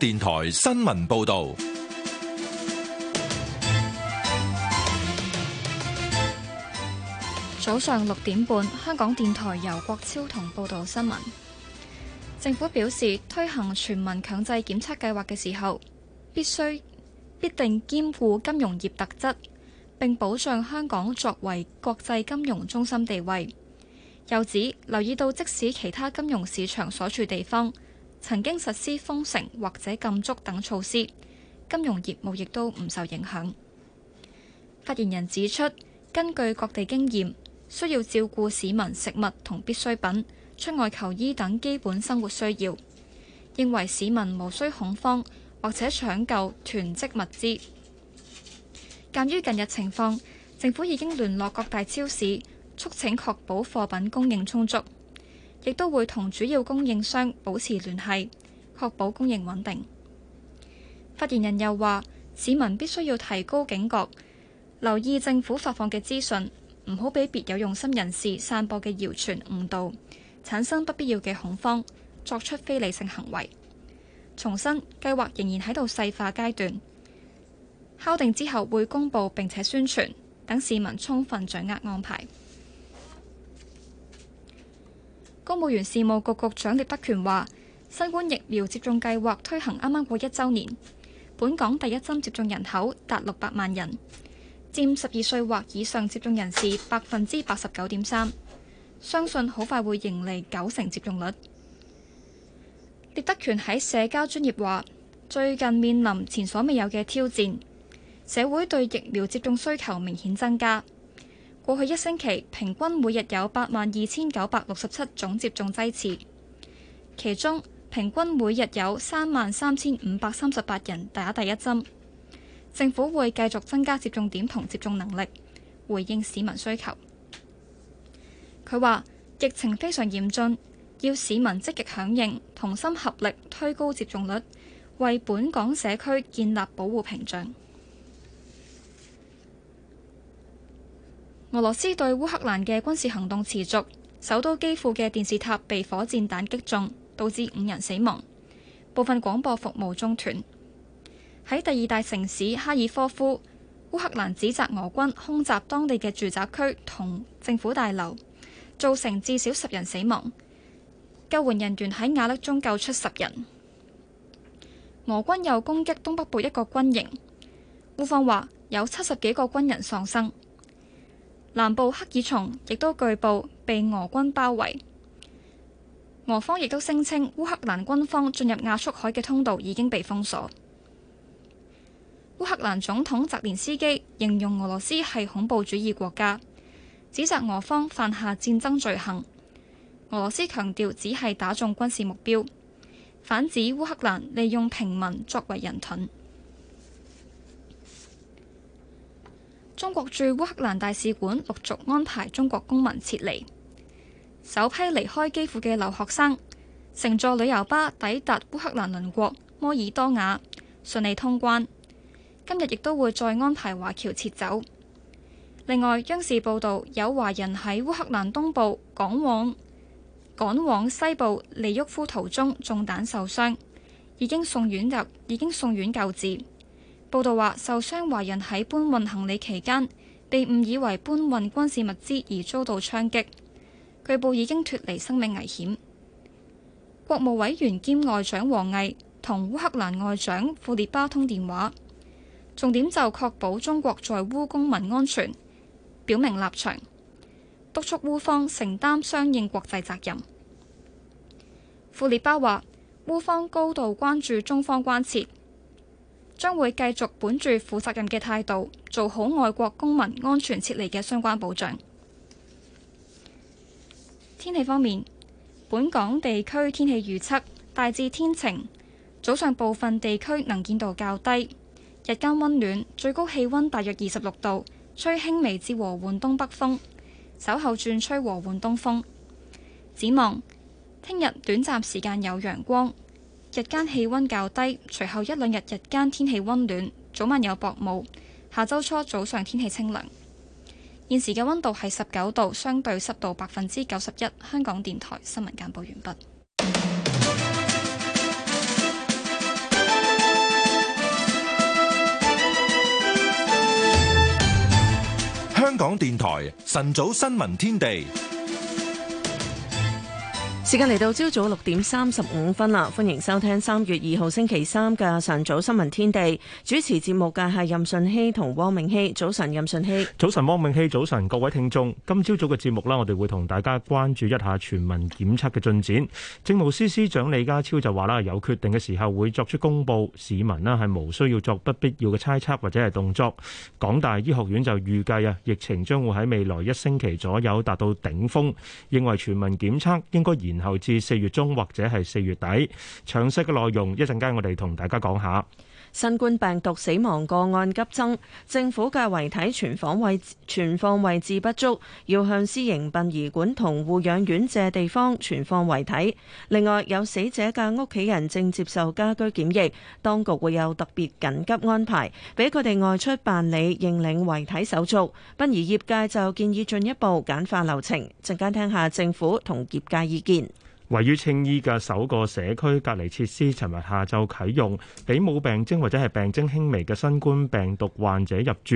電台新聞報道，早上六點半，香港電台由郭超同報道新聞。政府表示推行全民強制檢測計劃嘅時候，必須必定兼顧金融業特質，並保障香港作為國際金融中心地位。又指留意到，即使其他金融市場所處地方，曾經實施封城或者禁足等措施，金融業務亦都唔受影響。發言人指出，根據各地經驗，需要照顧市民食物同必需品、出外求醫等基本生活需要，認為市民無需恐慌或者搶購囤積物資。鑑於近日情況，政府已經聯絡各大超市，促請確保貨品供應充足。亦都會同主要供應商保持聯繫，確保供應穩定。發言人又話：市民必須要提高警覺，留意政府發放嘅資訊，唔好畀別有用心人士散播嘅謠傳誤導，產生不必要嘅恐慌，作出非理性行為。重申計劃仍然喺度細化階段，敲定之後會公佈並且宣傳，等市民充分掌握安排。公務員事務局局長聶德權話：新冠疫苗接種計劃推行啱啱過一周年，本港第一針接種人口達六百萬人，占十二歲或以上接種人士百分之八十九點三，相信好快會迎嚟九成接種率。聶德權喺社交專業話：最近面臨前所未有嘅挑戰，社會對疫苗接種需求明顯增加。過去一星期平均每日有八萬二千九百六十七種接種劑次，其中平均每日有三萬三千五百三十八人打第一針。政府會繼續增加接種點同接種能力，回應市民需求。佢話：疫情非常嚴峻，要市民積極響應，同心合力推高接種率，為本港社區建立保護屏障。俄羅斯對烏克蘭嘅軍事行動持續，首都基輔嘅電視塔被火箭彈擊中，導致五人死亡，部分廣播服務中斷。喺第二大城市哈爾科夫，烏克蘭指責俄軍空襲當地嘅住宅區同政府大樓，造成至少十人死亡，救援人員喺瓦礫中救出十人。俄軍又攻擊東北部一個軍營，烏方話有七十幾個軍人喪生。南部赫爾松亦都據報被俄軍包圍，俄方亦都聲稱烏克蘭軍方進入亞速海嘅通道已經被封鎖。烏克蘭總統澤連斯基形容俄羅斯係恐怖主義國家，指責俄方犯下戰爭罪行。俄羅斯強調只係打中軍事目標，反指烏克蘭利用平民作為人盾。中國駐烏克蘭大使館陸續安排中國公民撤離，首批離開基輔嘅留學生乘坐旅遊巴抵達烏克蘭鄰國摩爾多瓦，順利通關。今日亦都會再安排華僑撤走。另外，央視報道有華人喺烏克蘭東部趕往趕往西部利沃夫途中中彈受傷，已經送院入已經送院救治。報道話，受傷華人喺搬運行李期間被誤以為搬運軍事物資而遭到槍擊，據報已經脫離生命危險。國務委員兼外長王毅同烏克蘭外長庫列巴通電話，重點就確保中國在烏公民安全，表明立場，督促烏方承擔相應國際責任。庫列巴話，烏方高度關注中方關切。將會繼續本住負責任嘅態度，做好外國公民安全撤離嘅相關保障。天氣方面，本港地區天氣預測大致天晴，早上部分地區能見度較低，日間溫暖，最高氣溫大約二十六度，吹輕微至和緩東北風，稍後轉吹和緩東風。展望聽日短暫時間有陽光。日間氣溫較低，隨後一兩日日間天氣溫暖，早晚有薄霧。下周初早上天氣清涼。現時嘅溫度係十九度，相對濕度百分之九十一。香港電台新聞簡報完畢。香港電台晨早新聞天地。時間嚟到朝早六點三十五分啦，歡迎收聽三月二號星期三嘅晨早新聞天地。主持節目嘅係任順熙同汪明熙。早晨，任順熙。早晨，汪明熙。早晨，各位聽眾，今朝早嘅節目呢，我哋會同大家關注一下全民檢測嘅進展。政務司司長李家超就話啦，有決定嘅時候會作出公布，市民呢係無需要作不必要嘅猜測或者係動作。港大醫學院就預計啊，疫情將會喺未來一星期左右達到頂峰，認為全民檢測應該延。後至四月中或者係四月底，詳細嘅內容一陣間我哋同大家講下。新冠病毒死亡個案急增，政府嘅遺體存放位存放位置不足，要向私營殯儀館同護養院借地方存放遺體。另外，有死者嘅屋企人正接受家居檢疫，當局會有特別緊急安排，俾佢哋外出辦理認領遺體手續。殯儀業界就建議進一步簡化流程，陣間聽下政府同業界意見。位於青衣嘅首個社區隔離設施，尋日下晝啟用，俾冇病徵或者係病徵輕微嘅新冠病毒患者入住。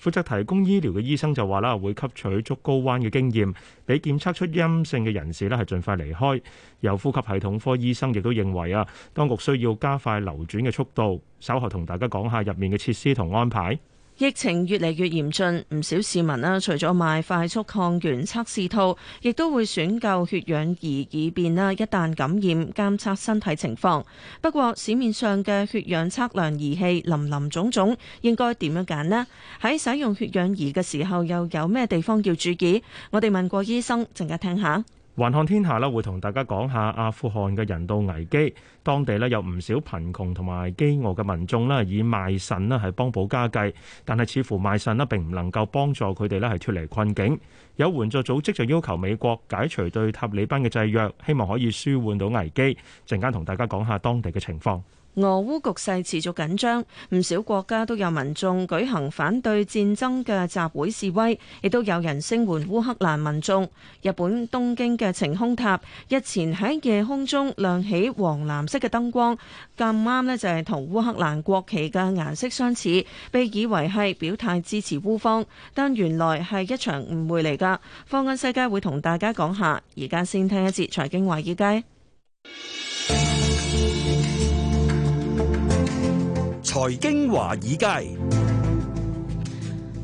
負責提供醫療嘅醫生就話啦，會吸取竹篙灣嘅經驗，俾檢測出陰性嘅人士呢係盡快離開。由呼吸系統科醫生亦都認為啊，當局需要加快流轉嘅速度。稍後同大家講下入面嘅設施同安排。疫情越嚟越嚴峻，唔少市民啦，除咗買快速抗原測試套，亦都會選購血氧儀以便啦，一旦感染監測身體情況。不過市面上嘅血氧測量儀器林林總總，應該點樣揀呢？喺使用血氧儀嘅時候，又有咩地方要注意？我哋問過醫生，陣間聽下。環看天下咧，會同大家講下阿富汗嘅人道危機，當地咧有唔少貧窮同埋飢餓嘅民眾咧，以賣腎咧係幫補家計，但係似乎賣腎咧並唔能夠幫助佢哋咧係脫離困境。有援助組織就要求美國解除對塔利班嘅制約，希望可以舒緩到危機。陣間同大家講下當地嘅情況。俄烏局勢持續緊張，唔少國家都有民眾舉行反對戰爭嘅集會示威，亦都有人聲援烏克蘭民眾。日本東京嘅晴空塔日前喺夜空中亮起黃藍色嘅燈光，咁啱呢就係同烏克蘭國旗嘅顏色相似，被以為係表態支持烏方，但原來係一場誤會嚟㗎。放眼世界會同大家講下，而家先聽一節財經話要機。財經華爾街，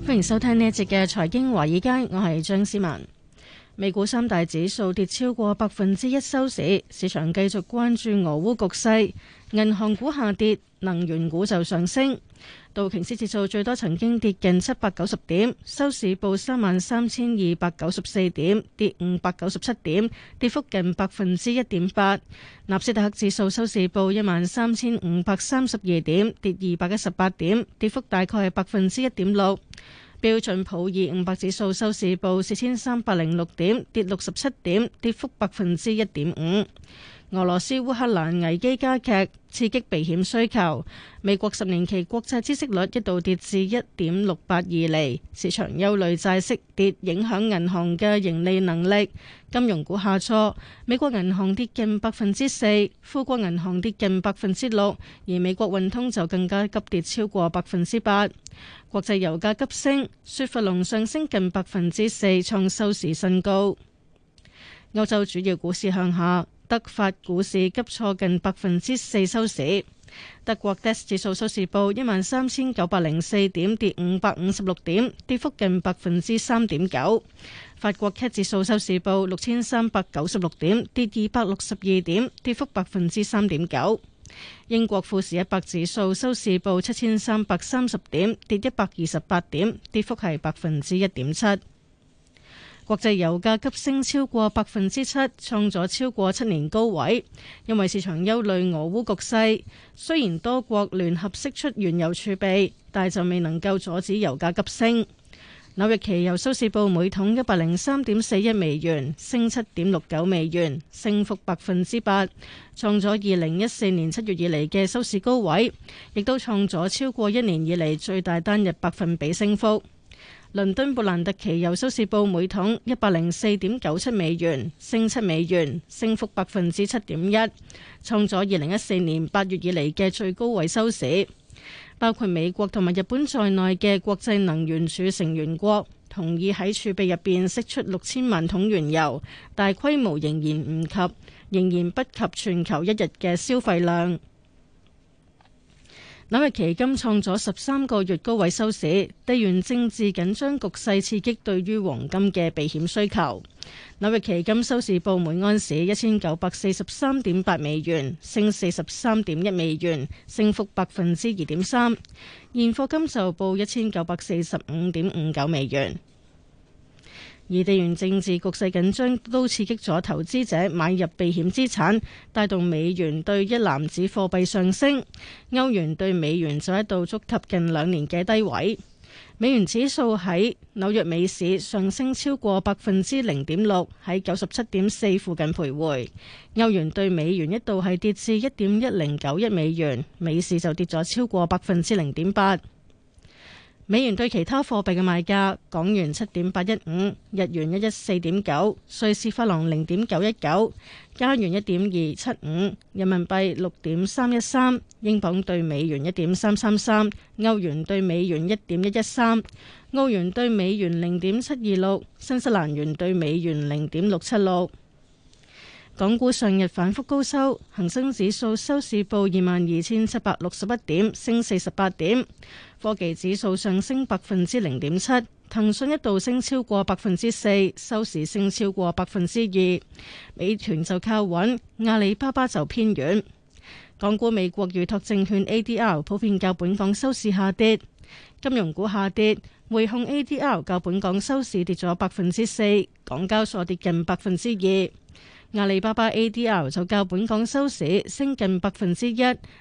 歡迎收聽呢一節嘅財經華爾街，我係張思文。美股三大指數跌超過百分之一收市，市場繼續關注俄烏局勢，銀行股下跌。能源股就上升，道瓊斯指數最多曾經跌近七百九十點，收市報三萬三千二百九十四點，跌五百九十七點，跌幅近百分之一點八。納斯達克指數收市報一萬三千五百三十二點，跌二百一十八點，跌幅大概係百分之一點六。標準普爾五百指數收市報四千三百零六點，跌六十七點，跌幅百分之一點五。俄羅斯烏克蘭危機加劇，刺激避險需求。美國十年期國債孳息率一度跌至一點六八二厘，市場憂慮債，債息跌影響銀行嘅盈利能力，金融股下挫。美國銀行跌近百分之四，富國銀行跌近百分之六，而美國運通就更加急跌超過百分之八。國際油價急升，雪佛龍上升近百分之四，創收市新高。歐洲主要股市向下。德法股市急挫近百分之四收市。德國 DAX 指數收市報一萬三千九百零四點，跌五百五十六點，跌幅近百分之三點九。法國 CAC 指數收市報六千三百九十六點，跌二百六十二點，跌幅百分之三點九。英國富時一百指數收市報七千三百三十點，跌一百二十八點，跌幅係百分之一點七。國際油價急升超過百分之七，創咗超過七年高位，因為市場憂慮俄烏局勢。雖然多國聯合釋出原油儲備，但就未能夠阻止油價急升。紐約期油收市報每桶一百零三點四一美元，升七點六九美元，升幅百分之八，創咗二零一四年七月以嚟嘅收市高位，亦都創咗超過一年以嚟最大單日百分比升幅。倫敦布蘭特期油收市報每桶一百零四點九七美元，升七美元，升幅百分之七點一，創咗二零一四年八月以嚟嘅最高位收市。包括美國同埋日本在內嘅國際能源署成員國同意喺儲備入邊釋出六千萬桶原油，大規模仍然唔及，仍然不及全球一日嘅消費量。紐約期金創咗十三個月高位收市，地緣政治緊張局勢刺激對於黃金嘅避險需求。紐約期金收市報每安士一千九百四十三點八美元，升四十三點一美元，升幅百分之二點三。現貨金就報一千九百四十五點五九美元。而地緣政治局勢緊張都刺激咗投資者買入避險資產，帶動美元兌一籃子貨幣上升，歐元兌美元就一度觸及近兩年嘅低位。美元指數喺紐約美市上升超過百分之零點六，喺九十七點四附近徘徊。歐元兌美元一度係跌至一點一零九一美元，美市就跌咗超過百分之零點八。美元對其他貨幣嘅賣價：港元七點八一五，日元一一四點九，瑞士法郎零點九一九，加元一點二七五，人民幣六點三一三，英鎊對美元一點三三三，歐元對美元一點一一三，澳元對美元零點七二六，新西蘭元對美元零點六七六。港股上日反覆高收，恆生指數收市報二萬二千七百六十一點，升四十八點。科技指數上升百分之零點七，騰訊一度升超過百分之四，收市升超過百分之二，美團就靠穩，阿里巴巴就偏軟。港股美國預託證券 ADR 普遍較本港收市下跌，金融股下跌，匯控 ADR 較本港收市跌咗百分之四，港交所跌近百分之二。阿里巴巴 ADR 就較本港收市升近百分之一，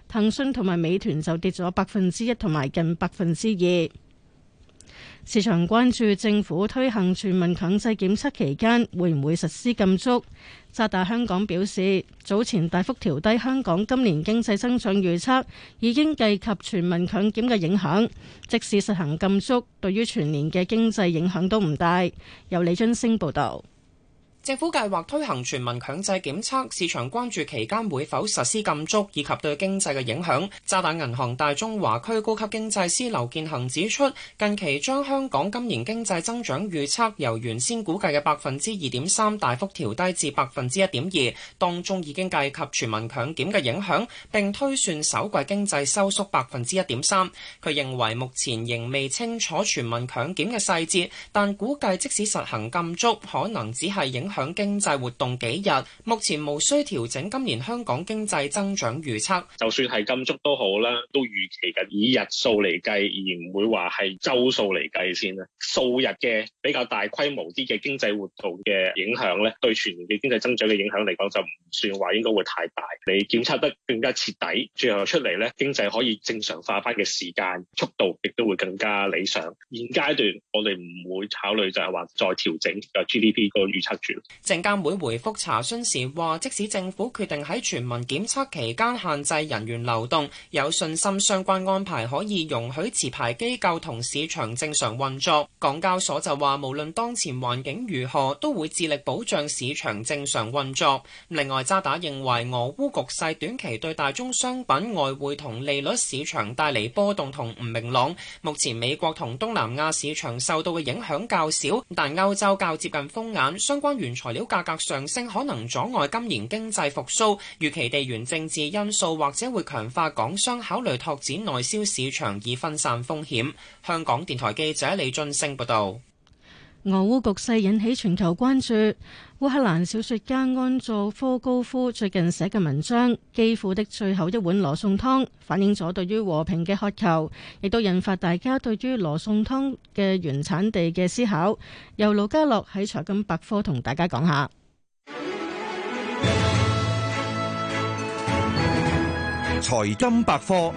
騰訊同埋美團就跌咗百分之一同埋近百分之二。市場關注政府推行全民強制檢測期間會唔會實施禁足？渣打香港表示，早前大幅調低香港今年經濟增長預測，已經計及全民強檢嘅影響。即使實行禁足，對於全年嘅經濟影響都唔大。由李津升報道。政府計劃推行全民強制檢測，市場關注期間會否實施禁足以及對經濟嘅影響。渣打銀行大中華區高級經濟師劉建恒指出，近期將香港今年經濟增長預測由原先估計嘅百分之二點三大幅調低至百分之一點二，當中已經計及全民強檢嘅影響，並推算首季經濟收縮百分之一點三。佢認為目前仍未清楚全民強檢嘅細節，但估計即使實行禁足，可能只係影響經濟活動幾日。目前無需調整今年香港經濟增長預測。就算係禁足都好啦，都預期嘅以日數嚟計，而唔會話係週數嚟計先啦。數日嘅。 比較大規模啲嘅經濟活動嘅影響咧，對全年嘅經濟增長嘅影響嚟講就唔算話應該會太大。你檢測得更加徹底，最後出嚟咧經濟可以正常化翻嘅時間速度亦都會更加理想。現階段我哋唔會考慮就係話再調整個 GDP 個預測值。證監會回覆查詢時話，即使政府決定喺全民檢測期間限制人員流動，有信心相關安排可以容許持牌機構同市場正常運作。港交所就話。無論當前環境如何，都會致力保障市場正常運作。另外，渣打認為俄烏局勢短期對大宗商品、外匯同利率市場帶嚟波動同唔明朗。目前美國同東南亞市場受到嘅影響較少，但歐洲較接近風眼，相關原材料價格上升可能阻礙今年經濟復甦。預期地緣政治因素或者會強化港商考慮拓展內銷市場，以分散風險。香港電台記者李俊升報道。俄烏局勢引起全球關注。烏克蘭小說家安佐科高夫最近寫嘅文章《基輔的最後一碗羅宋湯》反映咗對於和平嘅渴求，亦都引發大家對於羅宋湯嘅原產地嘅思考。由盧家樂喺財金百科同大家講下。財金百科。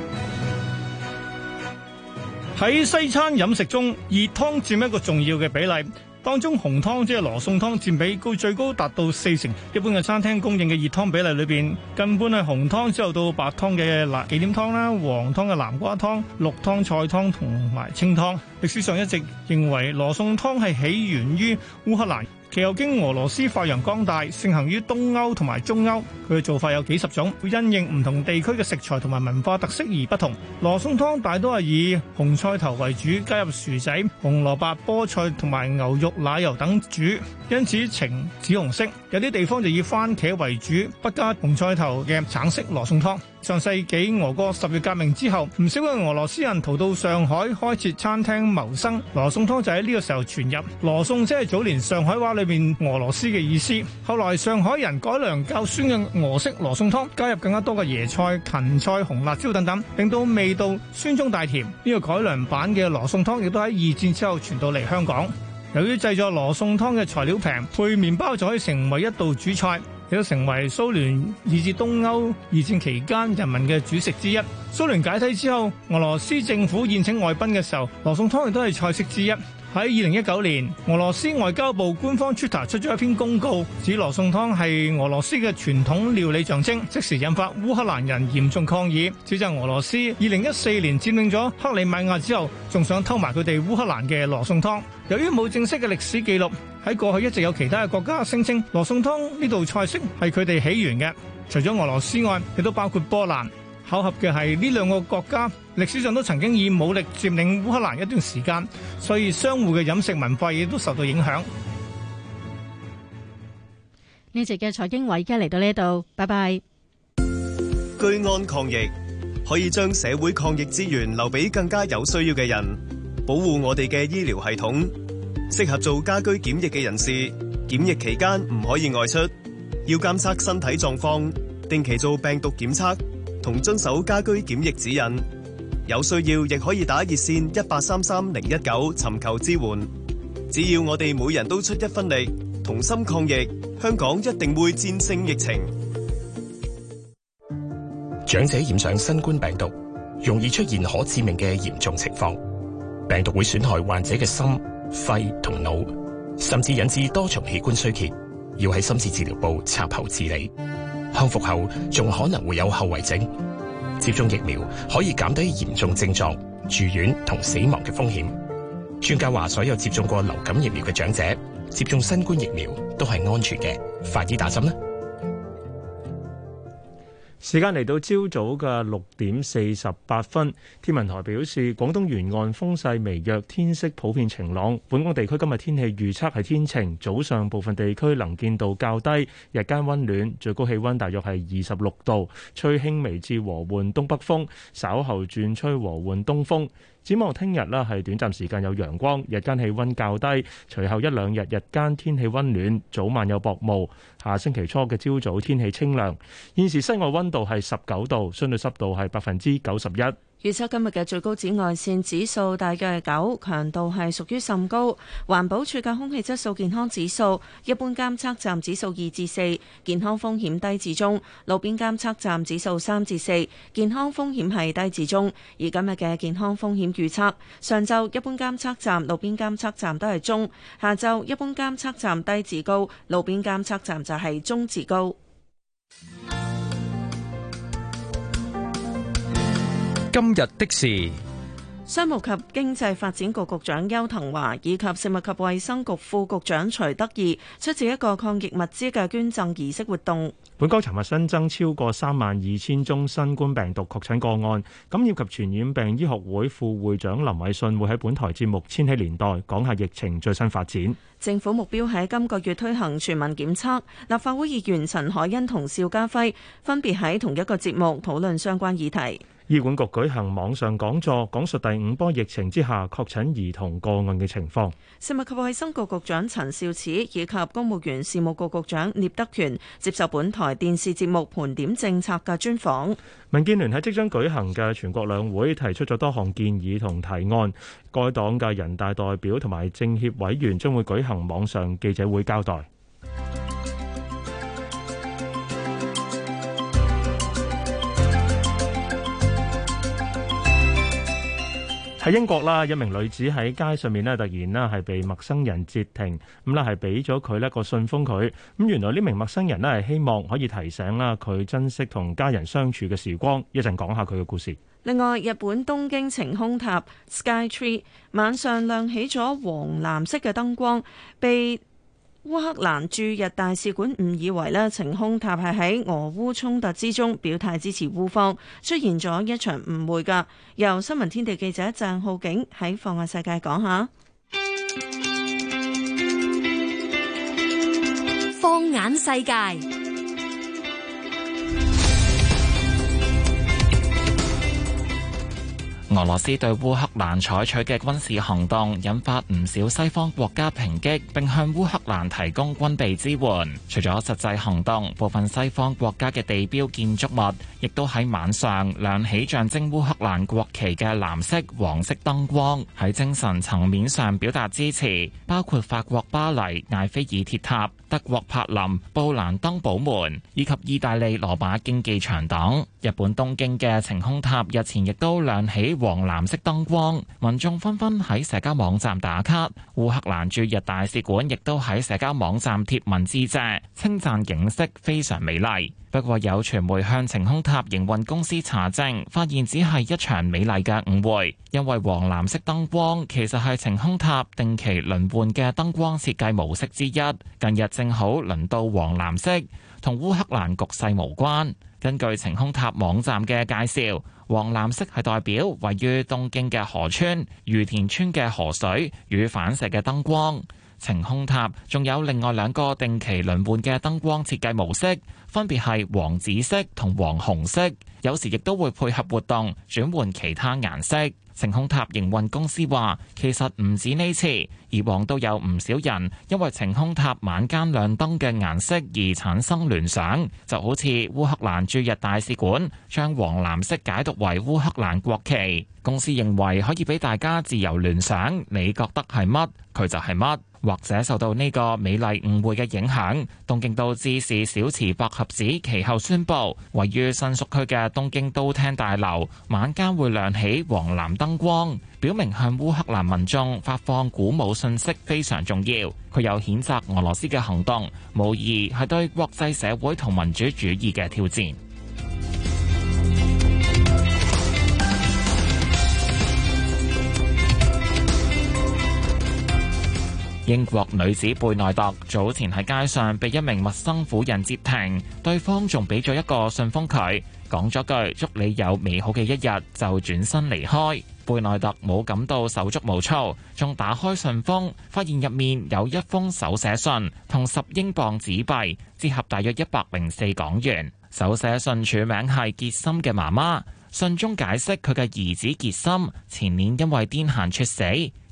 喺西餐飲食中，熱湯佔一個重要嘅比例。當中紅湯即係羅宋湯，佔比高最高達到四成。一般嘅餐廳供應嘅熱湯比例裏邊，近半係紅湯，之後到白湯嘅忌廉湯啦、黃湯嘅南瓜湯、綠湯、菜湯同埋清湯。歷史上一直認為羅宋湯係起源於烏克蘭。其後經俄羅斯發揚光大，盛行於東歐同埋中歐。佢嘅做法有幾十種，會因應唔同地區嘅食材同埋文化特色而不同。羅宋湯大多係以紅菜頭為主，加入薯仔、紅蘿蔔、菠菜同埋牛肉、奶油等煮，因此呈紫紅色。有啲地方就以番茄為主，不加紅菜頭嘅橙色羅宋湯。上世紀俄國十月革命之後，唔少嘅俄羅斯人逃到上海開設餐廳謀生，羅宋湯就喺呢個時候傳入。羅宋即係早年上海話裏面俄羅斯嘅意思，後來上海人改良較酸嘅俄式羅宋湯，加入更加多嘅椰菜、芹菜、紅辣椒等等，令到味道酸中帶甜。呢個改良版嘅羅宋湯亦都喺二戰之後傳到嚟香港。由於製作羅宋湯嘅材料平，配麵包就可以成為一道主菜。亦都成為蘇聯以至東歐二戰期間人民嘅主食之一。蘇聯解體之後，俄羅斯政府宴請外賓嘅時候，羅宋湯亦都係菜式之一。喺二零一九年，俄羅斯外交部官方 Twitter 出咗一篇公告，指羅宋湯係俄羅斯嘅傳統料理象徵，即時引發烏克蘭人嚴重抗議，指責俄羅斯二零一四年佔領咗克里米亞之後，仲想偷埋佢哋烏克蘭嘅羅宋湯。由於冇正式嘅歷史記錄，喺過去一直有其他嘅國家聲稱羅宋湯呢道菜式係佢哋起源嘅，除咗俄羅斯外，亦都包括波蘭。巧合嘅係，呢兩個國家，歷史上都曾經以武力佔領烏克蘭一段時間，所以相互嘅飲食文化亦都受到影響。呢集嘅財經話而家嚟到呢度，拜拜。居安抗疫可以將社會抗疫資源留俾更加有需要嘅人，保護我哋嘅醫療系統。適合做家居檢疫嘅人士，檢疫期間唔可以外出，要監測身體狀況，定期做病毒檢測，同遵守家居檢疫指引。有需要亦可以打熱線一八三三零一九尋求支援。只要我哋每人都出一分力，同心抗疫，香港一定會戰勝疫情。長者染上新冠病毒，容易出現可致命嘅嚴重情況，病毒會損害患者嘅心、肺同腦，甚至引致多重器官衰竭，要喺深切治療部插喉治理，康復後仲可能會有後遺症。接種疫苗可以減低嚴重症狀、住院同死亡嘅風險。專家話，所有接種過流感疫苗嘅長者，接種新冠疫苗都係安全嘅，快啲打針啦！時間嚟到朝早嘅六點四十八分，天文台表示，廣東沿岸風勢微弱，天色普遍晴朗。本港地區今日天氣預測係天晴，早上部分地區能見度較低，日間溫暖，最高氣溫大約係二十六度，吹輕微至和緩東北風，稍後轉吹和緩東風。展望聽日呢，係短暫時間有陽光，日間氣温較低。隨後一兩日日間天氣温暖，早晚有薄霧。下星期初嘅朝早天氣清涼。現時室外温度係十九度，相對濕度係百分之九十一。預測今日嘅最高紫外線指數大約係九，強度係屬於甚高。環保署嘅空氣質素健康指數，一般監測站指數二至四，健康風險低至中；路邊監測站指數三至四，健康風險係低至中。而今日嘅健康風險預測，上晝一般監測站、路邊監測站都係中；下晝一般監測站低至高，路邊監測站就係中至高。今日的事，商務及經濟發展局局長邱騰華以及食物及衛生局副局長徐德義出席一個抗疫物資嘅捐贈儀式活動。本港尋日新增超過三萬二千宗新冠病毒確診個案。感染及傳染病醫學會副會長林偉信會喺本台節目《千禧年代》講下疫情最新發展。政府目標喺今個月推行全民檢測。立法會議員陳海欣同邵家輝分別喺同一個節目討論相關議題。醫管局舉行網上講座，講述第五波疫情之下確診兒童個案嘅情況。食物及衛生局局長陳肇始以及公務員事務局局，局長聶德權接受本台電視節目《盤點政策》嘅專訪。民建聯喺即將舉行嘅全國兩會提出咗多項建議同提案，該黨嘅人大代表同埋政協委員將會舉行網上記者會交代。喺英國啦，一名女子喺街上面呢，突然呢係被陌生人截停，咁呢係俾咗佢一個信封佢。咁原來呢名陌生人呢係希望可以提醒啦佢珍惜同家人相處嘅時光。講一陣講下佢嘅故事。另外，日本東京晴空塔 Sky Tree 晚上亮起咗黃藍色嘅燈光，被。烏克蘭駐日大使館誤以為咧晴空塔係喺俄烏衝突之中表態支持烏方，出現咗一場誤會噶。由新聞天地記者鄭浩景喺放眼世界講下。放眼世界。俄羅斯對烏克蘭採取嘅軍事行動引發唔少西方國家抨擊，並向烏克蘭提供軍備支援。除咗實際行動，部分西方國家嘅地標建築物亦都喺晚上亮起象徵烏克蘭國旗嘅藍色、黃色燈光，喺精神層面上表達支持，包括法國巴黎艾菲爾鐵塔、德國柏林布蘭登堡門，以及意大利羅馬競技場等。日本東京嘅晴空塔日前亦都亮起。黃藍色燈光，民眾紛紛喺社交網站打卡。烏克蘭駐日大使館亦都喺社交網站貼文致謝，稱讚景色非常美麗。不過有傳媒向晴空塔營運公司查證，發現只係一場美麗嘅誤會，因為黃藍色燈光其實係晴空塔定期輪換嘅燈光設計模式之一，近日正好輪到黃藍色，同烏克蘭局勢無關。根據晴空塔網站嘅介紹，黃藍色係代表位於東京嘅河川、隅田川嘅河水與反射嘅燈光。晴空塔仲有另外兩個定期輪換嘅燈光設計模式，分別係黃紫色同黃紅色，有時亦都會配合活動轉換其他顏色。晴空塔營運公司話：其實唔止呢次，以往都有唔少人因為晴空塔晚間亮燈嘅顏色而產生聯想，就好似烏克蘭駐日大使館將黃藍色解讀為烏克蘭國旗。公司認為可以畀大家自由聯想，你覺得係乜，佢就係乜。或者受到呢個美麗誤會嘅影響，東京都知事小池百合子其後宣布，位於新宿區嘅東京都廳大樓晚間會亮起黃藍燈光，表明向烏克蘭民眾發放鼓舞信息非常重要。佢有譴責俄羅斯嘅行動，無疑係對國際社會同民主主義嘅挑戰。英國女子貝內特早前喺街上被一名陌生婦人截停，對方仲俾咗一個信封佢，講咗句祝你有美好嘅一日，就轉身離開。貝內特冇感到手足無措，仲打開信封，發現入面有一封手寫信同十英鎊紙幣，折合大約一百零四港元。手寫信署名係傑森嘅媽媽，信中解釋佢嘅兒子傑森前年因為癲癇猝死。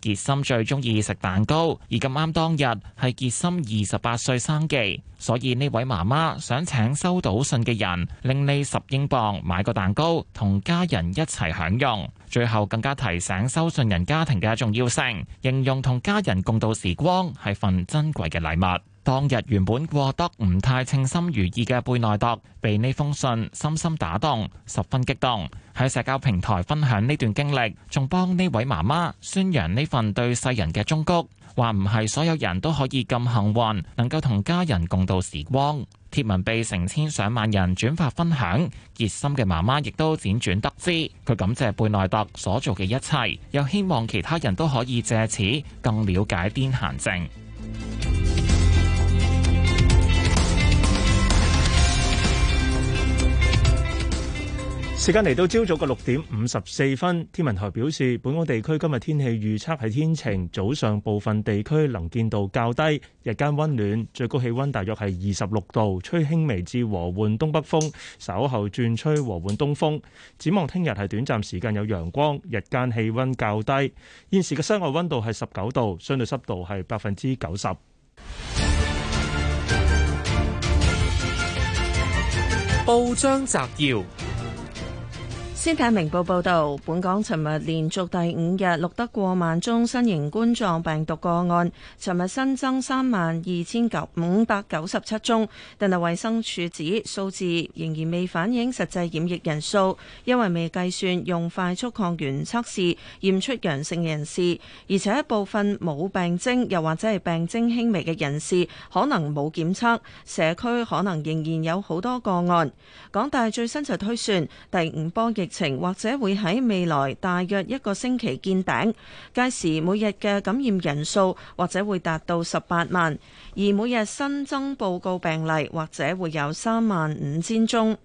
傑森最中意食蛋糕，而咁啱當日係傑森二十八歲生忌，所以呢位媽媽想請收到信嘅人，令利十英鎊買個蛋糕，同家人一齊享用。最後更加提醒收信人家庭嘅重要性，形容同家人共度時光係份珍貴嘅禮物。當日原本過得唔太稱心如意嘅貝內特，被呢封信深深打動，十分激動，喺社交平台分享呢段經歷，仲幫呢位媽媽宣揚呢份對世人嘅忠告。話唔係所有人都可以咁幸運，能夠同家人共度時光。貼文被成千上萬人轉發分享，熱心嘅媽媽亦都輾轉得知，佢感謝貝內特所做嘅一切，又希望其他人都可以借此更了解癲癇症。時間嚟到朝早嘅六點五十四分，天文台表示，本港地區今日天氣預測係天晴，早上部分地區能見度較低，日間溫暖，最高氣溫大約係二十六度，吹輕微至和緩東北風，稍後轉吹和緩東風。展望聽日係短暫時間有陽光，日間氣溫較低。現時嘅室外溫度係十九度，相對濕度係百分之九十。報章摘要。《先睇明報》報道，本港尋日連續第五日錄得過萬宗新型冠狀病毒個案，尋日新增三萬二千五百九十七宗。但係衞生署指數字仍然未反映實際染疫人數，因為未計算用快速抗原測試驗出陽性人士，而且部分冇病徵又或者係病徵輕微嘅人士可能冇檢測，社區可能仍然有好多個案。港大最新就推算第五波疫情或者會喺未來大約一個星期見頂，屆時每日嘅感染人數或者會達到十八萬，而每日新增報告病例或者會有三萬五千宗。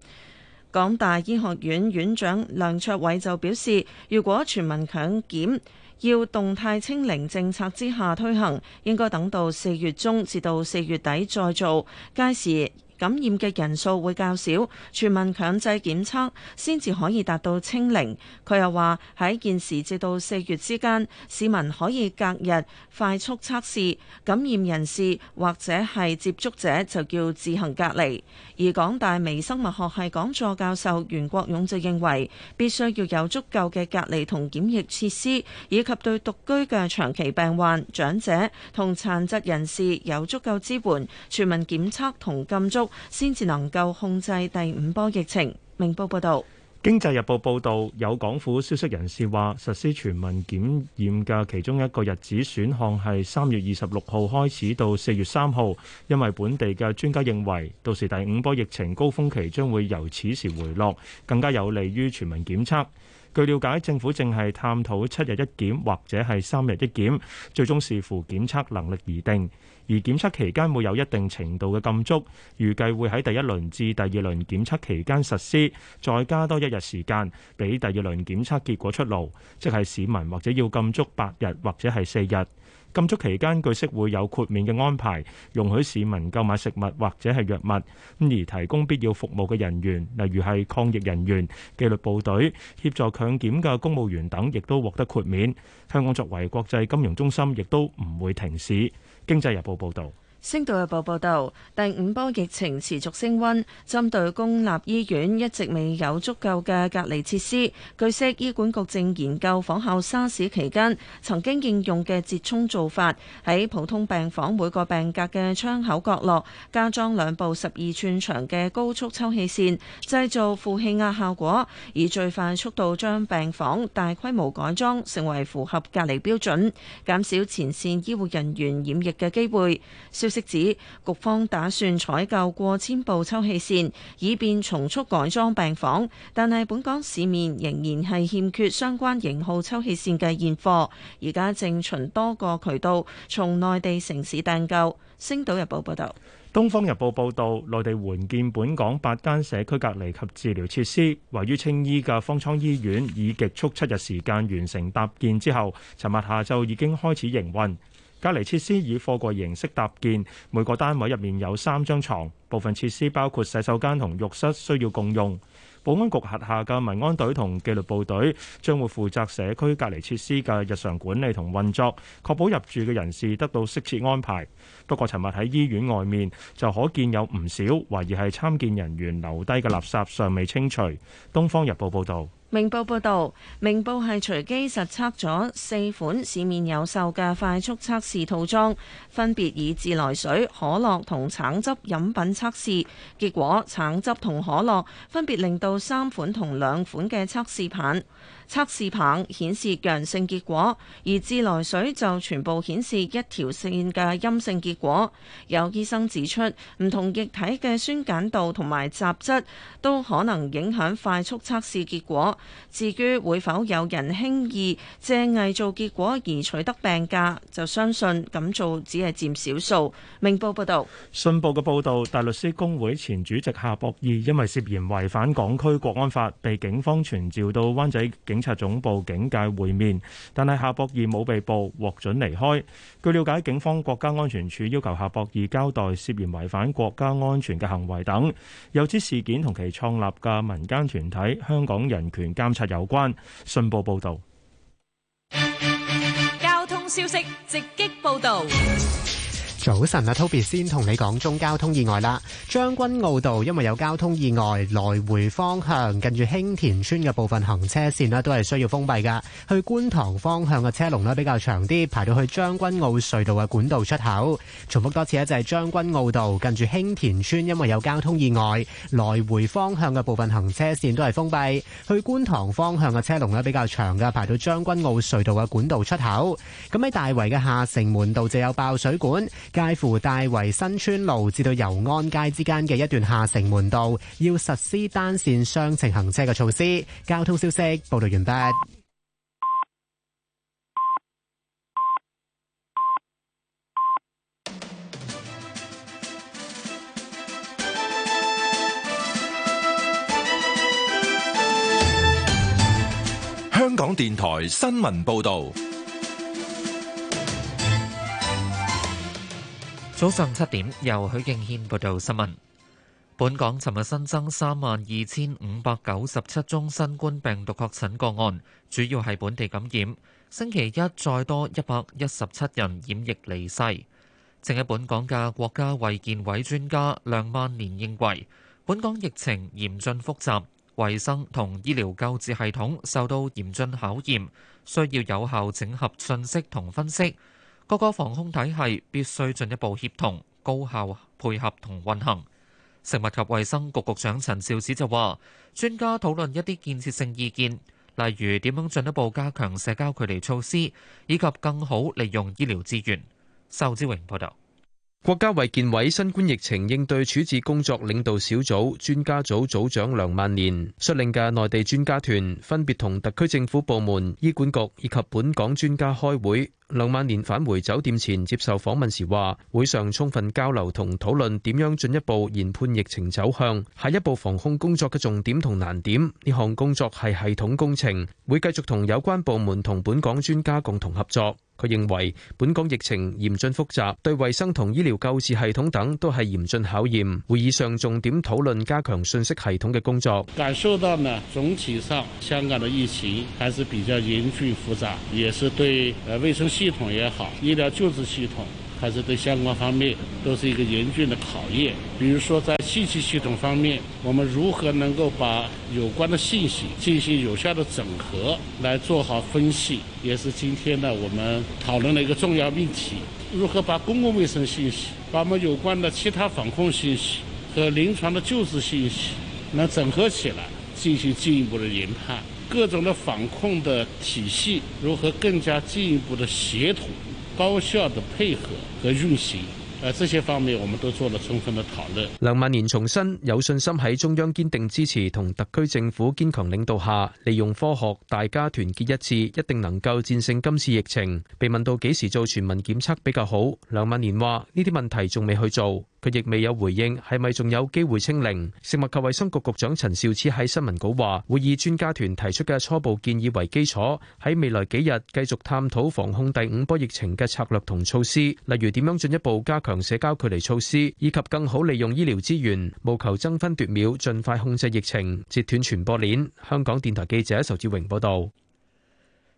港大醫學院院長梁卓偉就表示，如果全民強檢，要動態清零政策之下推行，應該等到四月中至到四月底再做，屆時，感染嘅人數會較少，全民強制檢測先至可以達到清零。佢又話喺現時至到四月之間，市民可以隔日快速測試，感染人士或者係接觸者就叫自行隔離。而港大微生物學系講座教授袁國勇就認為，必須要有足夠嘅隔離同檢疫設施，以及對獨居嘅長期病患、長者同殘疾人士有足夠支援，全民檢測同禁足。先至能夠控制第五波疫情。明報報道，經濟日報報道，有港府消息人士話，實施全民檢驗嘅其中一個日子選項係三月二十六號開始到四月三號，因為本地嘅專家認為，到時第五波疫情高峰期將會由此時回落，更加有利於全民檢測。據了解，政府正係探討七日一檢或者係三日一檢，最終視乎檢測能力而定。而檢測期間會有一定程度嘅禁足，預計會喺第一輪至第二輪檢測期間實施，再加多一日時間俾第二輪檢測結果出爐，即係市民或者要禁足八日或者係四日。禁足期間據悉會有豁免嘅安排，容許市民購買食物或者係藥物。咁而提供必要服務嘅人員，例如係抗疫人員、紀律部隊、協助強檢嘅公務員等，亦都獲得豁免。香港作為國際金融中心，亦都唔會停市。經濟日報報道。《星島日報》報道，第五波疫情持續升溫，針對公立醫院一直未有足夠嘅隔離設施，據悉醫管局正研究仿效沙士期間曾經應用嘅折衷做法，喺普通病房每個病格嘅窗口角落加裝兩部十二寸長嘅高速抽氣扇，製造負氣壓效果，以最快速度將病房大規模改裝成為符合隔離標準，減少前線醫護人員染疫嘅機會。消息指，局方打算採購過千部抽氣扇，以便重速改裝病房。但係，本港市面仍然係欠缺相關型號抽氣扇嘅現貨，而家正循多個渠道從內地城市訂購。星島日報報道，東方日報報道，內地援建本港八間社區隔離及治療設施，位於青衣嘅方艙醫院以極速七日時間完成搭建之後，尋日下晝已經開始營運。隔離設施以貨櫃形式搭建，每個單位入面有三張床。部分設施包括洗手間同浴室需要共用。保安局轄下嘅民安隊同紀律部隊將會負責社區隔離設施嘅日常管理同運作，確保入住嘅人士得到適切安排。不過，尋日喺醫院外面就可見有唔少懷疑係參建人員留低嘅垃圾尚未清除。《東方日報》報導，《明報》報導，《明報》係隨機實測咗四款市面有售嘅快速測試套裝，分別以自來水、可樂同橙汁飲品測試，結果橙汁同可樂分別令到三款同兩款嘅測試棒、測試棒顯示陽性結果，而自來水就全部顯示一條線嘅陰性結果。果有醫生指出，唔同液體嘅酸鹼度同埋雜質都可能影響快速測試結果。至於會否有人輕易借偽造結果而取得病假，就相信咁做只係佔少數。明報報道。信報嘅報導，大律師公會前主席夏博義因為涉嫌違反港區國安法，被警方傳召到灣仔警察總部警戒會面，但係夏博義冇被捕，獲准離開。據了解，警方國家安全處。要求夏博義交代涉嫌違反國家安全嘅行為等，有指事件同其創立嘅民間團體香港人權監察有關。信報報道。交通消息直擊報道。早晨啊，Toby 先同你講中交通意外啦。將軍澳道，因為有交通意外，來回方向近住興田村嘅部分行車線咧，都係需要封閉噶。去觀塘方向嘅車龍咧比較長啲，排到去將軍澳隧道嘅管道出口。重複多次咧，就係將軍澳道近住興田村，因為有交通意外，來回方向嘅部分行車線都係封閉。去觀塘方向嘅車龍咧比較長噶，排到將軍澳隧道嘅管道出口。咁喺大圍嘅下城門道就有爆水管。介乎大圍新村路至到油安街之間嘅一段下城門道，要實施單線雙程行車嘅措施。交通消息報道完畢。香港電台新聞報道。早上七點，由許敬軒報道新聞。本港尋日新增三萬二千五百九十七宗新冠病毒確診個案，主要係本地感染。星期一再多一百一十七人染疫離世。正喺本港嘅國家衛健委專家梁萬年認為，本港疫情嚴峻複雜，衛生同醫療救治系統受到嚴峻考驗，需要有效整合信息同分析。各個防控體系必須進一步協同、高效配合同運行。食物及衛生局局長陳肇始就話：專家討論一啲建設性意見，例如點樣進一步加強社交距離措施，以及更好利用醫療資源。仇志榮報道。國家衛健委新冠疫情應對處置工作領導小組專家組組長梁萬年率領嘅內地專家團，分別同特區政府部門、醫管局以及本港專家開會。劉萬年返回酒店前接受訪問時話：會上充分交流同討論點樣進一步研判疫情走向，下一步防控工作嘅重點同難點。呢項工作係系統工程，會繼續同有關部門同本港專家共同合作。佢認為本港疫情嚴峻複雜，對衛生同醫療救治系統等都係嚴峻考驗。會議上重點討論加強信息系統嘅工作。感受到呢，總體上香港嘅疫情還是比較嚴峻複雜，也是對誒衛生。系統也好，醫療救治系統，還是對相關方面都是一個嚴峻的考驗。比如說在信息系統方面，我們如何能夠把有關的信息進行有效的整合，來做好分析，也是今天呢我們討論的一個重要命題。如何把公共衛生信息、把我們有關的其他防控信息和臨床的救治信息，能整合起來，進行進一步的研判。各種的防控的體系如何更加進一步的協同、高效的配合和運行，啊，這些方面我們都做了充分的討論。梁萬年重申有信心喺中央堅定支持同特區政府堅強領導下，利用科學，大家團結一致，一定能夠戰勝今次疫情。被問到幾時做全民檢測比較好，梁萬年話呢啲問題仲未去做。佢亦未有回應，係咪仲有機會清零？食物及衛生局局長陳肇始喺新聞稿話：會以專家團提出嘅初步建議為基礎，喺未來幾日繼續探討防控第五波疫情嘅策略同措施，例如點樣進一步加強社交距離措施，以及更好利用醫療資源，務求爭分奪秒，盡快控制疫情，截斷傳播鏈。香港電台記者仇志榮報道。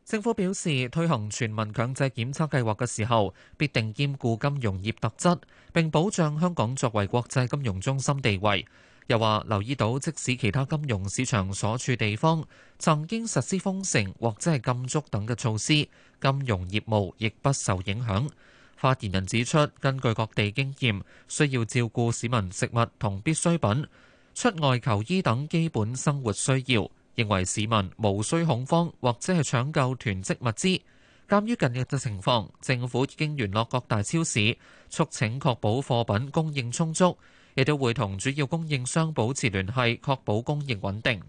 政府表示推行全民強制檢測計劃嘅時候必定兼顧金融業特質並保障香港作為國際金融中心地位又話留意到即使其他金融市場所處地方曾經實施封城或者係禁足等嘅措施金融業務亦不受影響發言人指出根據各地經驗需要照顧市民食物同必需品出外求醫等基本生活需要認為市民無需恐慌，或者係搶購囤積物資。鑑於近日嘅情況，政府已經聯絡各大超市，促請確保貨品供應充足，亦都會同主要供應商保持聯繫，確保供應穩定。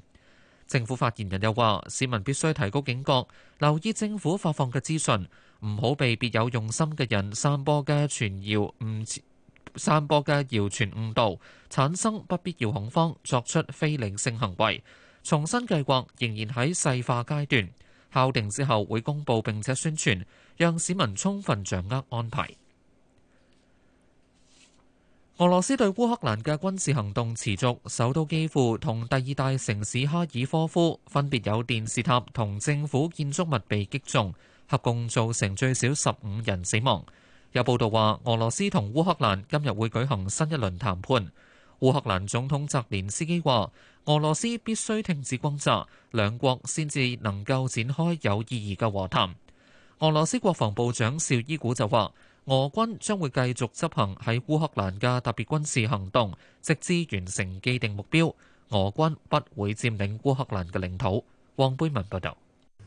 政府發言人又話：市民必須提高警覺，留意政府發放嘅資訊，唔好被別有用心嘅人散播嘅傳謠、唔散播嘅謠傳誤導，產生不必要恐慌，作出非理性行為。重新計劃仍然喺細化階段，敲定之後會公佈並且宣傳，讓市民充分掌握安排。俄羅斯對烏克蘭嘅軍事行動持續，首都基輔同第二大城市哈爾科夫分別有電視塔同政府建築物被擊中，合共造成最少十五人死亡。有報道話，俄羅斯同烏克蘭今日會舉行新一輪談判。烏克蘭總統澤連斯基話：俄羅斯必須停止轟炸，兩國先至能夠展開有意義嘅和談。俄羅斯國防部長紹伊古就話：俄軍將會繼續執行喺烏克蘭嘅特別軍事行動，直至完成既定目標。俄軍不會佔領烏克蘭嘅領土。黃貝文報道。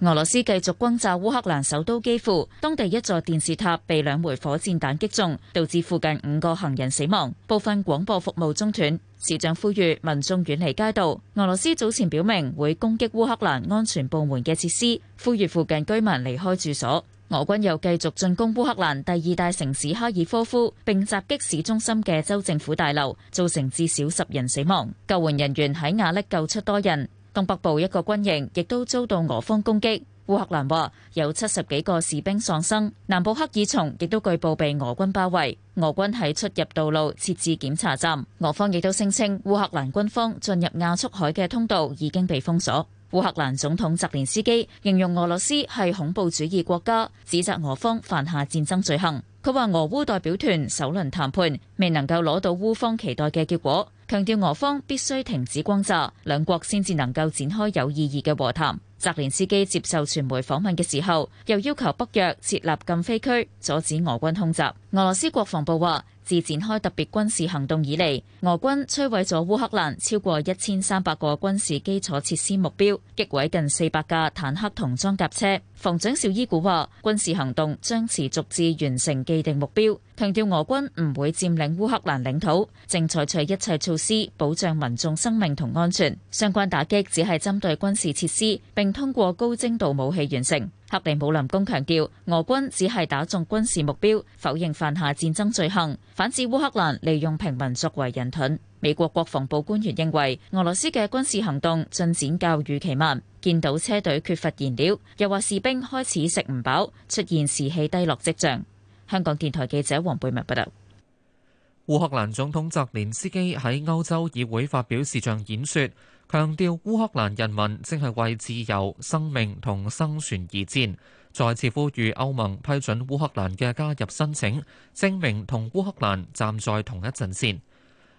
俄羅斯繼續轟炸烏克蘭首都基輔，當地一座電視塔被兩枚火箭彈擊中，導致附近五個行人死亡，部分廣播服務中斷。市長呼籲民眾遠離街道。俄羅斯早前表明會攻擊烏克蘭安全部門嘅設施，呼籲附近居民離開住所。俄軍又繼續進攻烏克蘭第二大城市哈爾科夫，並襲擊市中心嘅州政府大樓，造成至少十人死亡。救援人員喺瓦礫救出多人。東北部一個軍營亦都遭到俄方攻擊，烏克蘭話有七十幾個士兵喪生。南部克爾松亦都據報被俄軍包圍，俄軍喺出入道路設置檢查站。俄方亦都聲稱烏克蘭軍方進入亞速海嘅通道已經被封鎖。烏克蘭總統澤連斯基形容俄羅斯係恐怖主義國家，指責俄方犯下戰爭罪行。佢話俄烏代表團首輪談判未能夠攞到烏方期待嘅結果。強調俄方必須停止轟炸，兩國先至能夠展開有意義嘅和談。澤連斯基接受傳媒訪問嘅時候，又要求北約設立禁飛區，阻止俄軍空襲。俄羅斯國防部話，自展開特別軍事行動以嚟，俄軍摧毀咗烏克蘭超過一千三百個軍事基礎設施目標，擊毀近四百架坦克同裝甲車。防長紹伊古話：軍事行動將持續至完成既定目標，強調俄軍唔會佔領烏克蘭領土，正採取一切措施保障民眾生命同安全。相關打擊只係針對軍事設施，並通過高精度武器完成。克里姆林宮強調，俄軍只係打中軍事目標，否認犯下戰爭罪行，反指烏克蘭利用平民作為人盾。美國國防部官員認為，俄羅斯嘅軍事行動進展較預期慢，見到車隊缺乏燃料，又話士兵開始食唔飽，出現士氣低落跡象。香港電台記者黃貝文報道，烏克蘭總統澤連斯基喺歐洲議會發表視像演說。強調烏克蘭人民正係為自由、生命同生存而戰，再次呼籲歐盟批准烏克蘭嘅加入申請，證明同烏克蘭站在同一陣線。